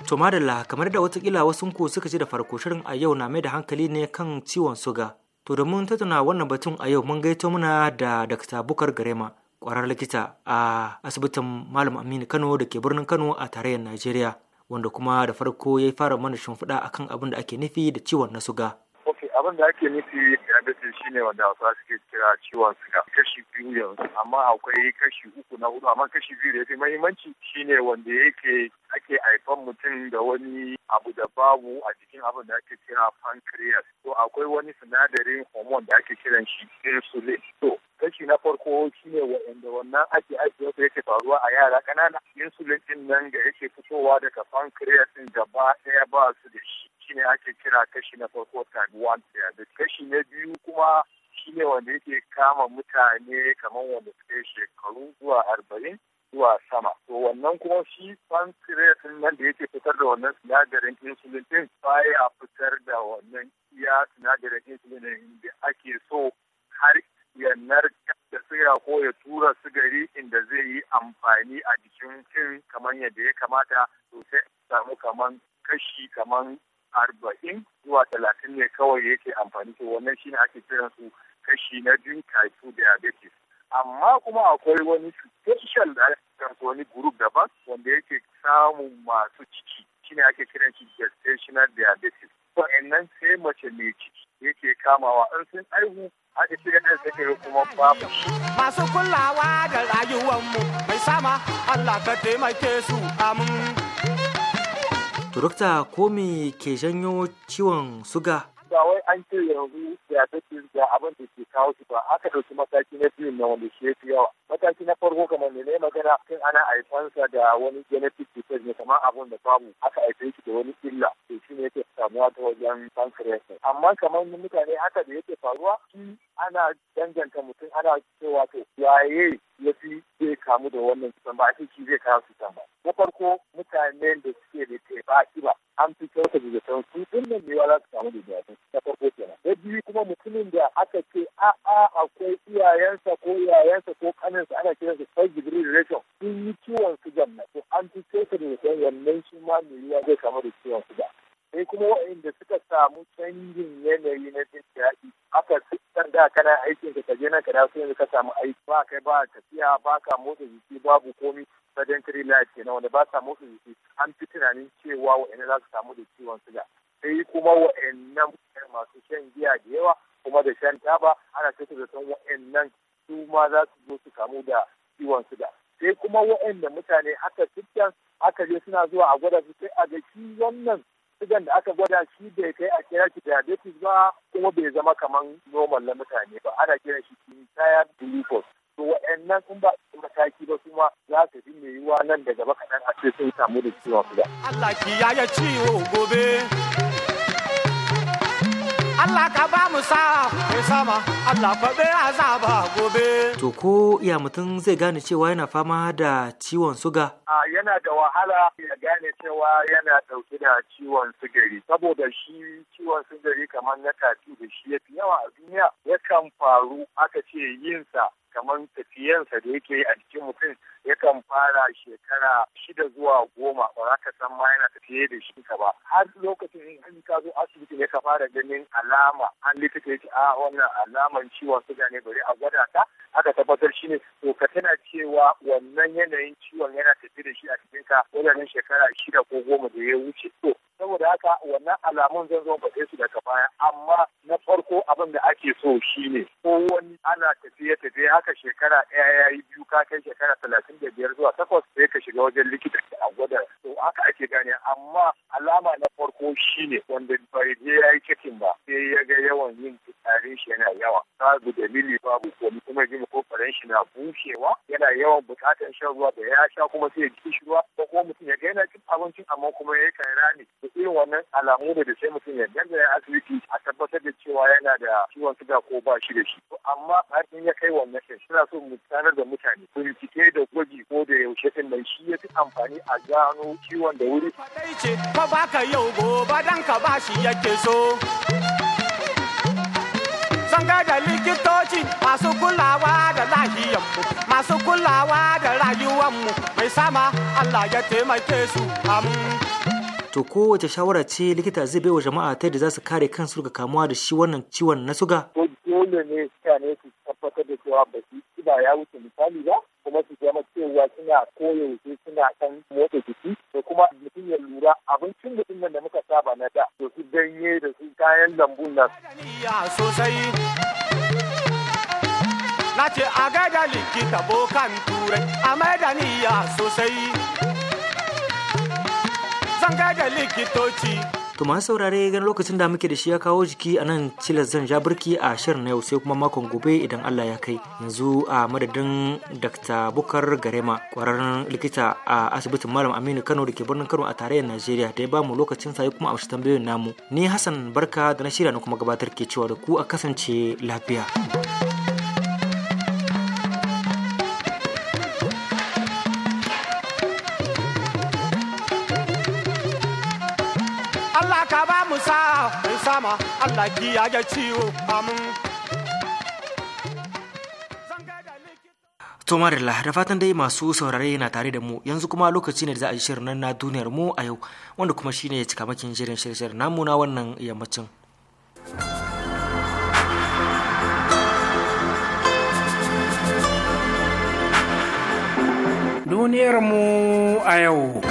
To madalla kamar da watakila wasu ku suka ji da farko shirin a yau na mai da hankali ne kan ciwon suga. To domin tattauna wannan batun a yau mun gaito muna da Dr. Bukar Garema, kwarar likita a asibitin Malam Aminu Kano da ke birnin Kano a tarayyar Najeriya, wanda kuma da farko ya fara mana shimfiɗa akan abin da ake nufi da ciwon na suga. abin da ake nufi shi shine wanda hausa suke kira ciwon suga kashi biyu yanzu amma akwai kashi uku na hudu amma kashi biyu da ya fi mahimmanci shine wanda yake ake haifan mutum da wani abu da babu a cikin abin da ake kira pancreas to akwai wani sinadarin hormone da ake kiran shi insulin to kashi na farko shine wanda wannan ake aiki wata yake faruwa a yara kanana insulin din nan da yake fitowa daga pancreas din gaba ɗaya ba su da shi shine ake kira kashi na farko type 1 diabetes kashi na biyu kuma shine wanda yake kama mutane kamar wanda suke shekaru zuwa arba'in zuwa sama to wannan kuma shi pancreas nan da yake fitar da wannan sinadarin insulin din baya fitar da wannan iya sinadarin insulin da ake so har ya narka da siga ko ya tura sigari inda zai yi amfani a jikin cin kamar yadda ya kamata to sai samu kamar kashi kamar arba'in zuwa talatin ne kawai yake amfani to wannan shine ake kiran su kashi na jin type 2 diabetes amma kuma akwai wani special da ake wani group daban wanda yake samun masu ciki shine ake kiran shi gestational diabetes nan sai mace mai ciki yake kamawa an sun aihu haka shi ɗan sai kuma babu masu kulawa da mu mai sama Allah ka taimake su amin Turukta ko me ke janyo ciwon suga ba wai an ce yanzu ya take da abin da ke kawo shi ba aka ɗauki mataki na biyu na wanda shi ya fi yawa mataki na farko kamar ne magana kan ana haifansa da wani genetic disease ne kamar abin da babu aka haife shi da wani illa to shi ne yake samuwa ta wajen pancreas amma kamar mutane haka da yake faruwa ana danganta mutum ana cewa to yaye ya fi zai kamu da wannan cutar ba a ce shi zai kawo cutar ba na farko mutanen da suke da teba ba an fi kyauta da zaton su din nan ne za su kamu da zaton na farko kenan na biyu kuma mutumin da aka ce a'a a akwai iyayensa ko iyayensa ko kaninsa ana su first degree relation sun yi ciwon sugan na to an fi kyauta da zaton wannan shi ma mai yiwa zai kamu da ciwon sugan. sai kuma waɗanda suka samu canjin yanayi na jin daɗi aka sitan da kana aikin ka kaje nan ka dawo yanzu ka samu aiki ba kai ba tafiya ba ka motsa jiki babu komi sedentary life kenan wanda ba ka motsa jiki an fi tunanin cewa waɗanda za su samu da ciwon suga sai kuma waɗannan masu shan giya da yawa kuma da shan taba ana cewa da san waɗannan su ma za su zo su kamu da ciwon suga sai kuma waɗanda mutane aka sitan aka je suna zuwa a gwada su sai a ga shi wannan sigan da aka gwada shi bai kai a kira shi diabetes ba kuma bai zama kamar normal na mutane ba ana kiran shi tired glucose to wa'annan sun ba mataki ba kuma za su fi mai yiwuwa nan da gaba kaɗan a ce sun samu da ciwon suga. Allah ki ya ciwo gobe. Allah ka ba kusa gobe. To ko ya mutum zai gane cewa yana fama da ciwon suga? A yana da wahala ya gane cewa yana ɗauke da ciwon sugari saboda shi ciwon sugari kamar na tafi da shi ya fi yawa a duniya yakan faru aka ce yinsa kamar tafiyansa da yake a jikin mutum yakan fara shekara shida zuwa goma ba za ka san ma yana tafiye da shi ka ba har lokacin in an ka zo asibiti ne ka fara ganin alama an likita yake a ah, wannan alaman ciwon suga ne bari a gwada ta aka tabbatar shi ne to ka tana cewa wannan yanayin ciwon yana tafi da shi a cikin ka wajen shekara shida ko goma da ya wuce to saboda haka wannan alamun zan zo faɗe su daga baya amma na farko abin da ake so shine ko wani ana tafiye tafiye haka shekara ɗaya ya yi biyu ka kai shekara talatin da biyar zuwa takwas sai ka shiga wajen likita a gwada to haka ake gane amma alama na farko shine wanda bai je ya yi cikin ba sai ya ga yawan yin fitsarin shi yana yawa babu dalili babu komai kuma ko makofarin shi na bushewa yana yawan buƙatar shan ruwa da ya sha kuma sai ya ji shi ruwa ko kuma mutum ya ga yana cin abincin amma kuma ya kai rani da irin wannan alamu da da sai mutum ya ya asibiti a tabbatar da cewa yana da ciwon suga ko ba shi da shi amma har in ya kai wannan shi suna so mu sanar da mutane bincike da gwaji ko da yaushe din nan shi ya fi amfani a gano ciwon da wuri. Fadai "Ka fa baka yau gobe dan ka ba shi yake so. sanga da likitoci masu kulawa da lahiyanmu masu kulawa da mu mai sama Allah ya taimake su To kowace shawara ce likita zai bai wa jama'a ta da za su kare kansu daga kamuwa da shi wannan ciwon na suga? Dole ne ne su tabbatar da cewa ba su ba ya wuce misali ba kuma su zama cewa suna koyaushe suna kan motsa jiki da kuma mutum ya lura abincin da nan da muka saba na da to su ganye da su kayan lambu nan. sosai na ce a gaida likita bokan turai a maida niyya sosai ganga da likitoci. To masu saurare gan lokacin da muke da shi ya kawo jiki a nan cilar zan ja birki a shirin na yau sai kuma makon gobe idan Allah ya kai yanzu a madadin Dr. Bukar Garema kwararren likita a asibitin Malam Aminu Kano da ke birnin Kano a tarayyar Najeriya da ya bamu lokacin sa kuma a tambayoyin namu. Ni Hassan Barka da na shirya na kuma gabatar ke cewa da ku a kasance lafiya. ba mu sa mai sama Allah kiyaye ciwo amin To Marilla, da fatan dai masu saurare na tare da mu yanzu kuma lokaci ne da za a yi shirin na duniyar mu a yau wanda kuma shine ya cika makin shirin shirin namu na wannan yammacin. Duniyar mu a yau.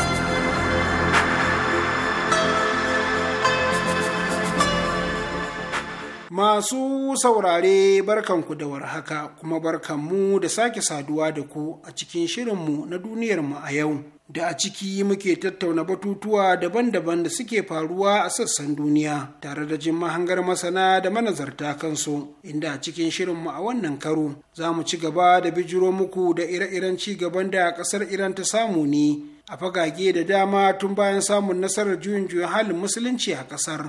Masu saurare barkanku da warhaka kuma barkanmu da sake saduwa da ku a cikin shirinmu na duniyar mu a yau. da a ciki muke tattauna batutuwa daban-daban da suke faruwa a sassan duniya tare da jin mahangar masana da manazarta kansu inda a cikin shirinmu a wannan karo za mu ci gaba da bijiro muku da ire-iren ci gaban da ƙasar iran ta samu ne a fagage da dama tun bayan samun nasarar juyin juyin halin musulunci a ƙasar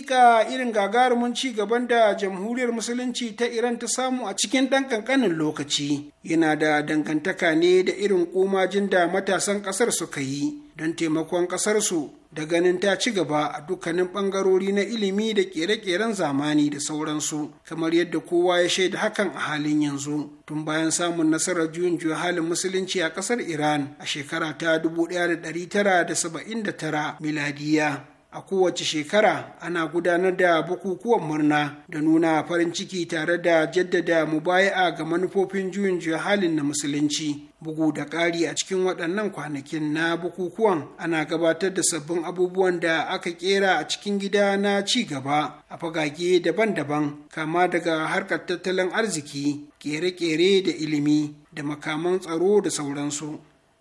hakika irin gagarumin ci gaban da jamhuriyar musulunci ta iran ta samu a cikin ɗan ƙanƙanin lokaci yana da dangantaka ne da irin komajin da matasan ƙasar suka yi don taimakon ƙasarsu da ganin ta ci gaba a dukkanin ɓangarori na ilimi da ƙere-ƙeren zamani da sauransu kamar yadda kowa ya shaida hakan a halin yanzu tun bayan samun nasarar juyin juya halin musulunci a ƙasar iran a shekara ta 1979 miladiya a kowace shekara ana gudanar da bukukuwan murna da nuna farin ciki tare da jaddada mubaya'a ga manufofin juyin juya halin na musulunci bugu da ƙari a cikin waɗannan kwanakin na bukukuwan ana gabatar da sabbin abubuwan da aka ƙera a cikin gida na ci gaba a fagage daban-daban kama daga harkar tattalin arziki ƙere-ƙere da ilimi da makaman tsaro da sauransu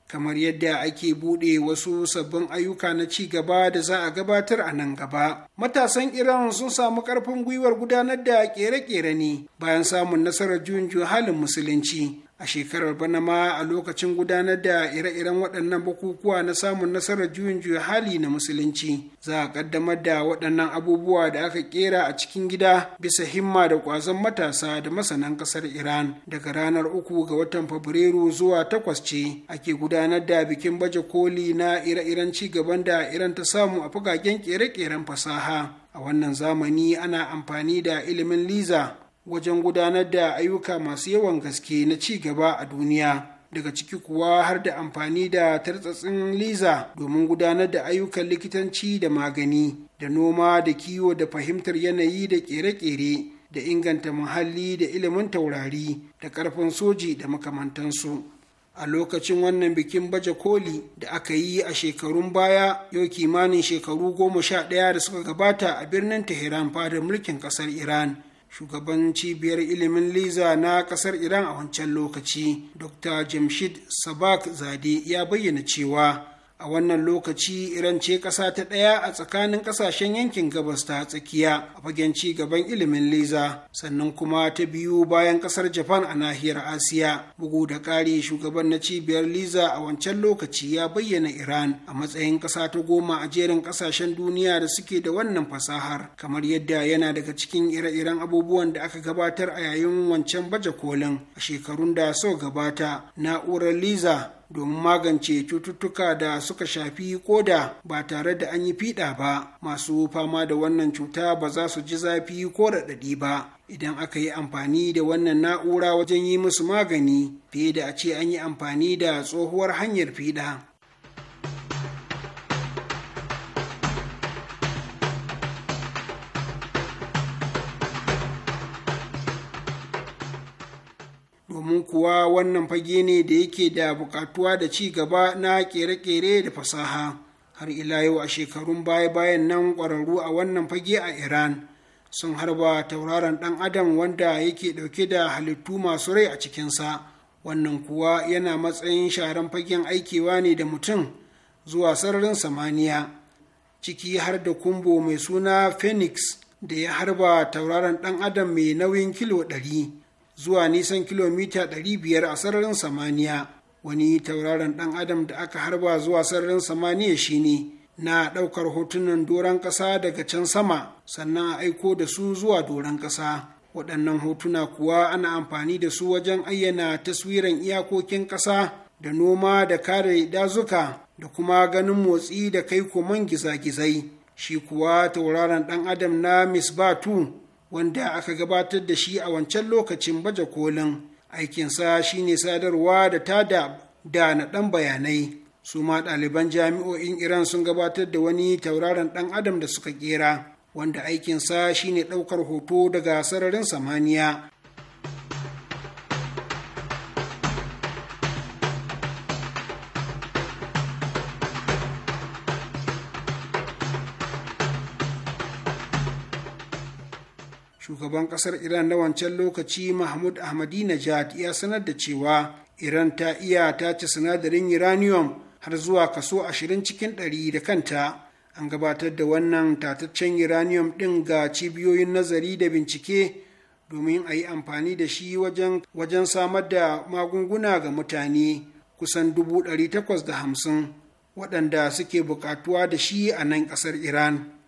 kamar yadda ake buɗe wasu sabbin ayyuka na ci gaba da za a gabatar a nan gaba. Matasan Iran sun samu ƙarfin gwiwar gudanar da ƙere-ƙere ne bayan samun nasarar juyin halin musulunci. a shekarar bana ma a lokacin gudanar da ire-iren waɗannan bukukuwa na samun nasarar juyin juya hali na musulunci za a ƙaddamar da waɗannan abubuwa da aka ƙera a cikin gida bisa himma da ƙwazon matasa da masanan ƙasar iran daga ranar uku ga watan fabrairu zuwa takwas ce ake gudanar da bikin baje koli na ire-iren ci gaban da iran ta samu a fagagen ƙere-ƙeren fasaha a wannan zamani ana amfani da ilimin liza wajen gudanar da ayyuka masu yawan gaske na ci gaba a duniya daga ciki kuwa har da amfani da tartsatsin liza domin gudanar da ayyukan likitanci da magani da noma da kiwo da fahimtar yanayi da kere-kere da inganta muhalli da ilimin taurari da karfin soji da makamantansu a lokacin wannan bikin baje koli da aka yi a shekarun baya yau kimanin shekaru goma sha ɗaya da suka gabata a birnin tehran fadar mulkin ƙasar iran shugaban cibiyar ilimin liza na kasar iran a wancan lokaci dr jamshid sabak zade ya bayyana cewa a wannan lokaci iran ce ƙasa ta ɗaya a tsakanin ƙasashen yankin gabas ta tsakiya a fagen ci gaban ilimin Liza, sannan kuma ta biyu bayan ƙasar japan a nahiyar asiya bugu da ƙari shugaban na cibiyar Liza a wancan lokaci ya bayyana iran a matsayin ƙasa ta goma a jerin ƙasashen duniya da suke da wannan fasahar kamar yadda yana daga cikin ire-iren abubuwan da aka gabatar a yayin wancan baje kolin a shekarun da so gabata na'urar Liza. domin magance cututtuka da suka shafi koda ba tare da an yi fiɗa ba masu fama da wannan cuta ba za su ji zafi ko raɗaɗi ba idan aka yi amfani da wannan na'ura wajen yi musu magani fiye da a ce an yi amfani da tsohuwar hanyar fiɗa mun kuwa wannan fage ne da yake da bukatuwa da ci gaba na kere-kere da fasaha har ila yau a shekarun baya-bayan nan ƙwararru a wannan fage a iran sun harba tauraron ɗan adam wanda yake ɗauke da halittu masu rai a cikinsa wannan kuwa yana matsayin sharan fagen aikewa ne da mutum zuwa sararin samaniya ciki har da kumbo mai suna phoenix da ya harba tauraron ɗan adam mai nauyin kilo ɗari zuwa nisan kilomita 500 a sararin samaniya wani tauraron dan adam da aka harba zuwa sararin samaniya shine na ɗaukar hotunan doron ƙasa daga can sama sannan a aiko da su zuwa doron ƙasa waɗannan hotuna kuwa ana amfani da su wajen ayyana taswiran iyakokin ƙasa da noma da kare dazuka da kuma ganin motsi da kai koman gizagizai shi kuwa tauraron ɗan adam na misbatu wanda aka gabatar da shi a wancan lokacin baje kolin aikinsa shine sadarwa da tada da naɗan bayanai su ma ɗaliban jami'o'in iran sun gabatar da wani tauraron ɗan adam da suka kera wanda aikinsa shine ɗaukar hoto daga sararin samaniya shugaban kasar iran na wancan lokaci mahmud ahmadinejad ya sanar da cewa iran ta iya tace sinadarin uranium har zuwa kaso ashirin cikin 100 da kanta an gabatar da wannan tataccen uranium ɗin ga cibiyoyin nazari da bincike domin a yi amfani da shi wajen samar da magunguna ga mutane kusan dubu takwas da hamsin, waɗanda suke buƙatuwa da shi a nan ƙasar iran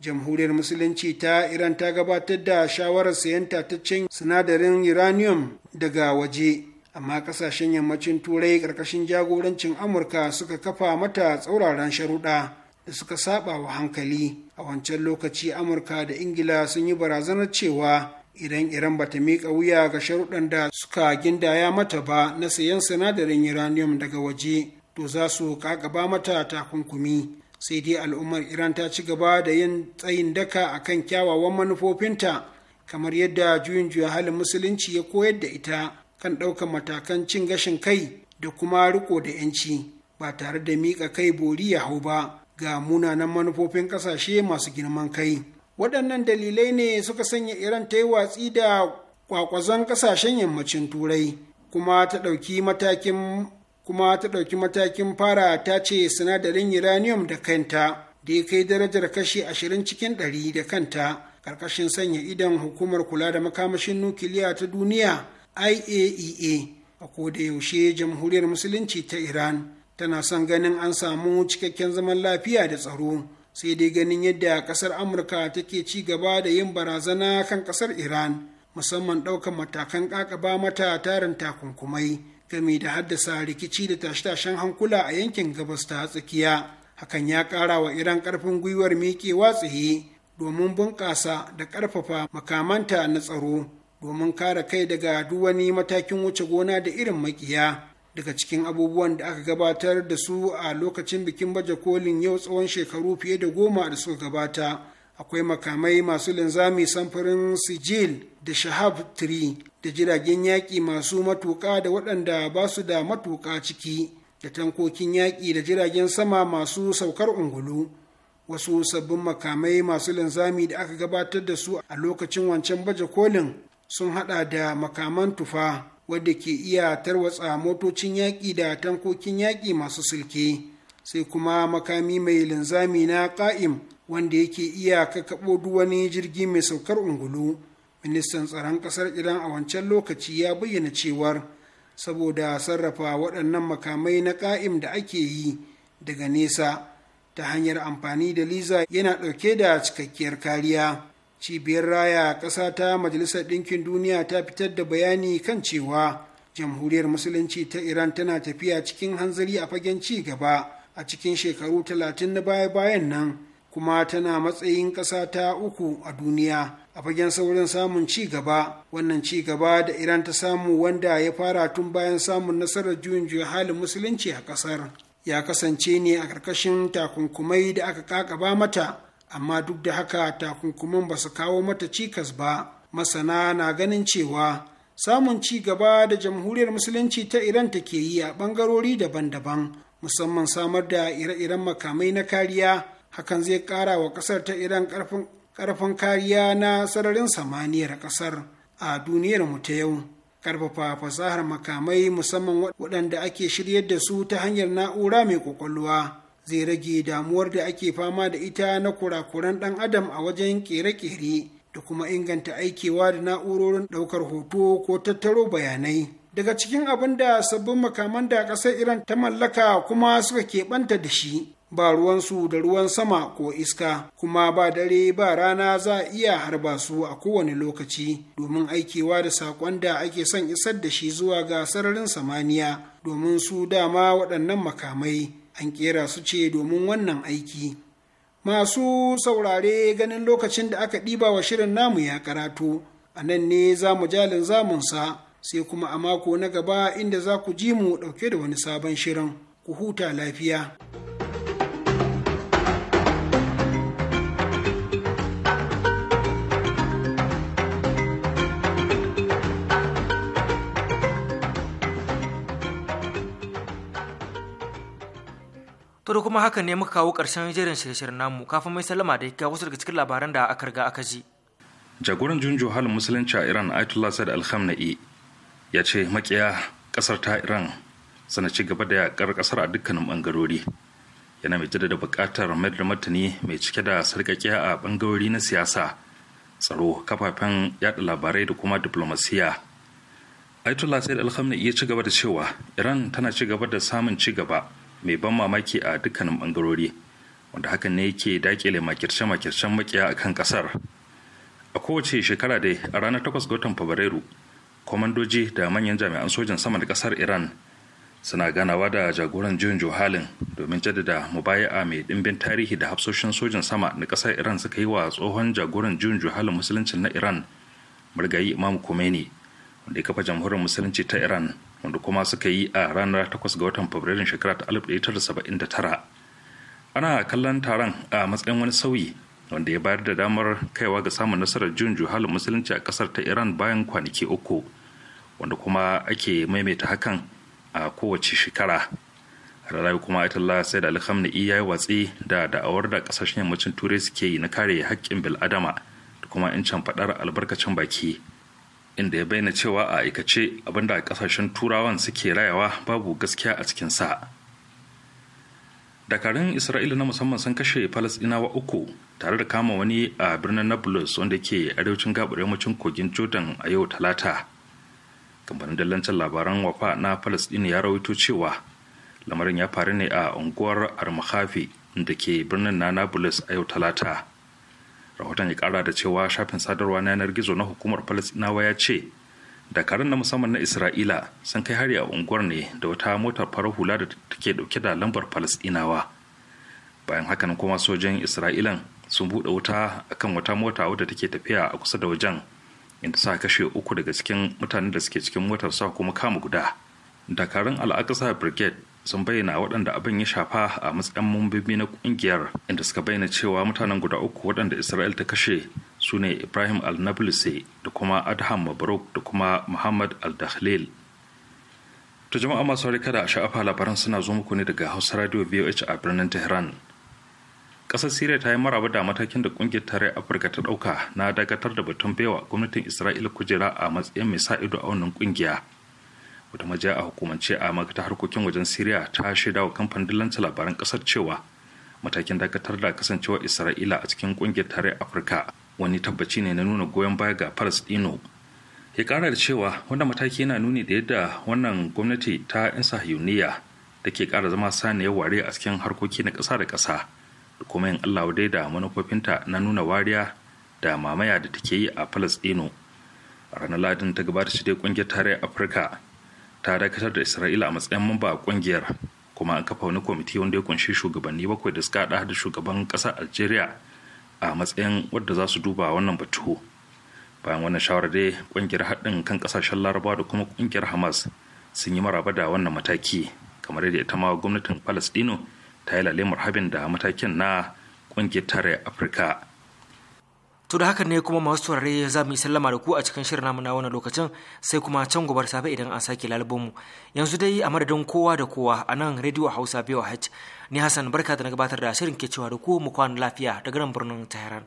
jamhuriyar musulunci ta iran ta gabatar da shawarar sayan tataccen sinadarin uranium daga waje amma kasashen yammacin turai ƙarƙashin jagorancin amurka suka kafa mata tsauraran sharuɗa da suka saba wa hankali a wancan lokaci amurka da ingila sun yi barazanar cewa idan iran bata miƙa wuya ga sharuɗan da suka gindaya mata ba na sayan sinadarin uranium daga waje to za su ƙaƙaba mata takunkumi sai dai al'ummar iran ta ci gaba da yin tsayin daka a kan kyawawan manufofinta kamar yadda juyin juya halin musulunci ya koyar da ita kan ɗaukar matakan cin gashin kai da kuma riko da 'yanci ba tare da miƙa kai bori ya hau ba ga munanan manufofin ƙasashe masu girman kai waɗannan dalilai ne suka sanya iran ta yi watsi da kwakwazon ƙasashen yammacin turai kuma ta ɗauki matakin kuma ta ɗauki matakin fara ta ce sinadarin uranium da kanta da ya kai darajar kashi ashirin cikin ɗari da kanta ƙarƙashin sanya idon hukumar kula da makamashin nukiliya ta duniya iaea e a ko da yaushe jamhuriyar musulunci ta iran tana son ganin an samu cikakken zaman lafiya da tsaro sai dai ganin yadda ƙasar amurka take ci gaba da yin barazana kan ƙasar iran musamman ɗaukan matakan ƙaƙaba mata tarin takunkumai game da haddasa rikici da tashe-tashen hankula a yankin gabas ta tsakiya hakan ya ƙara wa iran karfin gwiwar miƙe tsaye domin bunƙasa da ƙarfafa makamanta na tsaro domin kare kai daga duk wani matakin wuce gona da irin makiya daga cikin abubuwan da aka gabatar da su a lokacin bikin baje kolin yau tsawon shekaru fiye da goma da suka gabata akwai makamai masu linzami samfurin sijil da shahab tri da jiragen yaƙi masu matuƙa da waɗanda ba su da matuƙa ciki da tankokin yaƙi da jiragen sama masu saukar ungulu wasu sabbin makamai masu linzami da aka gabatar da su a lokacin wancan baje kolin sun haɗa da makaman tufa wadda ke iya tarwatsa motocin yaƙi da tankokin yaƙi masu silke sai kuma makami mai linzami na ƙa'im wanda yake iya kakaɓo duk wani jirgi mai saukar ungulu ministan tsaron ƙasar iran a wancan lokaci ya bayyana cewar saboda sarrafa waɗannan makamai na ƙa'im da ake yi daga nesa ta hanyar amfani da liza yana ɗauke da cikakkiyar kariya cibiyar raya ƙasa ta majalisar ɗinkin duniya ta fitar da bayani kan cewa jamhuriyar musulunci ta iran tana tafiya cikin hanzari a fagen ci gaba a cikin shekaru talatin na baya-bayan nan kuma tana matsayin ƙasa ta uku a duniya a fagen saurin samun ci gaba wannan ci gaba da iran ta samu wanda ya fara tun bayan samun nasarar juyin juya halin musulunci a ƙasar ya kasance ne a ƙarƙashin takunkumai da aka ƙaƙaba mata amma duk da haka takunkuman ba su kawo mata cikas ba masana na ganin cewa samun ci gaba da jamhuriyar musulunci ta iran take yi a ɓangarori daban-daban musamman samar da ire-iren makamai na kariya hakan zai ƙara wa ƙasar ta irin karfin kariya na sararin samaniyar ƙasar a duniyar mu ta yau ƙarfafa fasahar makamai musamman waɗanda ake shiryar da su ta hanyar na'ura mai ƙwaƙwalwa zai rage damuwar da ake fama da ita na kurakuran ɗan adam a wajen ƙere-ƙere da kuma inganta aikewa da na'urorin ɗaukar hoto ko tattaro bayanai daga cikin abin da sabbin makaman da ƙasar iran ta mallaka kuma suka keɓanta da shi ba ruwansu da ruwan sama ko iska kuma ba dare ba rana za a iya harba su a kowane lokaci domin aikewa da saƙon da ake son isar da shi zuwa ga sararin samaniya domin su dama waɗannan makamai an ƙera su ce domin wannan aiki masu saurare ganin lokacin da aka ɗiba wa shirin namu ya karatu a nan ne za mu jalin zamunsa sai kuma a mako na gaba inda za ku ji mu ɗauke da wani sabon shirin ku huta lafiya. To kuma haka ne muka kawo ƙarshen jerin shirye-shiryen namu kafin mai salama da ga wasu daga cikin labaran da aka riga aka ji. Jagoran junjo halin musulunci a Iran Ayatollah Said Alhamna'i ya ce makiya kasar ta iran sana ci gaba da yakar kasar a dukkanin bangarori yana mai jaddada bukatar mayar da martani mai cike da sarkake a bangarori na siyasa tsaro kafafen yada labarai da kuma diplomasiya Aitullah da Alhamdi ya ci gaba da cewa Iran tana ci gaba da samun ci gaba mai ban mamaki a dukkanin bangarori wanda hakan ne yake dakile makirce-makircen makiya a kan kasar. A kowace shekara dai a ranar 8 ga watan Fabrairu kwamandoji da manyan jami'an sojan sama da kasar iran suna ganawa da jagoran juyin johalin domin jaddada mubaya'a mai dimbin tarihi da hafsoshin sojan sama na kasar iran suka yi wa tsohon jagoran juyin johalin musulunci na iran murgayi imam khomeini wanda ya kafa jamhuriyar musulunci ta iran wanda kuma suka yi a ranar 8 ga watan fabrairun shekara ta 1979 ana kallon taron a matsayin wani sauyi wanda ya bayar da damar kaiwa ga samun nasarar jin juhalin musulunci a kasar ta iran bayan kwanaki uku wanda kuma ake maimaita hakan a kowace shekara rarrabe kuma ayatollah sai da alhamdi ya yi watsi da da'awar da kasashen yammacin turai suke yi na kare haƙƙin bil'adama da kuma 'yancin faɗar albarkacin baki inda ya bayyana cewa a aikace abinda kasashen turawan suke rayawa babu gaskiya a cikin sa dakarun isra'ila na musamman sun kashe falasɗinawa uku tare da kama wani a birnin nablus wanda ke arewacin gabar yammacin kogin jordan a yau talata kamfanin dallancin labaran wafa na palestine ya rawaito cewa lamarin ya faru ne a unguwar armahafi da ke birnin na nablus a yau talata rahoton ya kara da cewa shafin sadarwa na yanar gizo na hukumar palestinawa ya ce dakarun na musamman na isra'ila sun kai hari a unguwar ne da wata motar farar hula da take dauke da lambar palestinawa bayan hakan kuma sojan isra'ilan sun buɗe wuta akan wata mota wadda take tafiya a kusa da wajen inda sa kashe uku daga cikin mutanen da suke cikin motar sa kuma kama guda dakarun al'akasa brigade sun bayyana waɗanda abin ya shafa a matsayin mambobi na ƙungiyar inda suka bayyana cewa mutanen guda uku waɗanda isra'il ta kashe su ne ibrahim al-nabluse da kuma adham mabrok da kuma muhammad al-dakhlil ta jama'a masu kada a sha'afa labaran suna zo muku ne daga hausa radio voh a birnin tehran kasar syria ta yi maraba da matakin da kungiyar tare afirka ta dauka na dakatar da batun baiwa gwamnatin isra'ila kujera a matsayin mai sa ido a wannan kungiya wata maja a hukumance a makata harkokin wajen syria ta shaida wa kamfanin dillancin labaran kasar cewa matakin dakatar da kasancewar isra'ila a cikin kungiyar tare afirka wani tabbaci ne na nuna goyon baya ga palestino ya kara da cewa wannan mataki yana nuni da yadda wannan gwamnati ta insa sahiyuniya da ke kara zama ya ware a cikin harkoki na kasa da kasa kuma yin allah dai da manufofinta na nuna wariya da mamaya da take yi a falasɗinu ranar ladin ta gabata shi dai kungiyar tarayyar afirka ta dakatar da isra'ila a matsayin mamba a kungiyar kuma an kafa wani kwamiti wanda ya kunshi shugabanni bakwai da suka hada da shugaban kasar algeria a matsayin wadda za su duba wannan batu bayan wannan shawarar dai kungiyar haɗin kan kasashen larabawa da kuma kungiyar hamas sun yi maraba da wannan mataki kamar yadda ita ma gwamnatin palestino ta yi lalle habin da matakin na kungiyar tare afirka to da hakan ne kuma masu turare za mu yi sallama da ku a cikin shirin namu na wani lokacin sai kuma can gobar safe idan an sake lalubon mu yanzu dai a madadin kowa da kowa a nan rediyo hausa 2h ni hassan barka da na gabatar da shirin ke cewa da ku mu kwana lafiya daga nan birnin tehran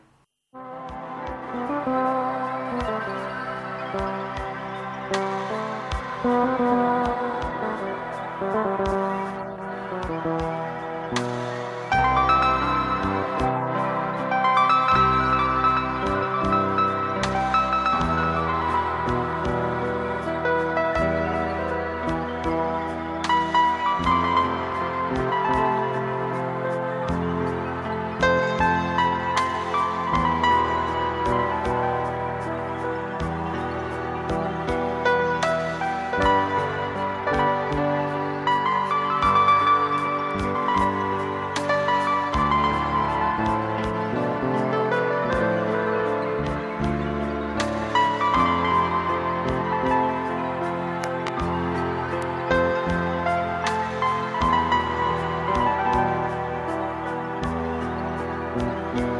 Thank you.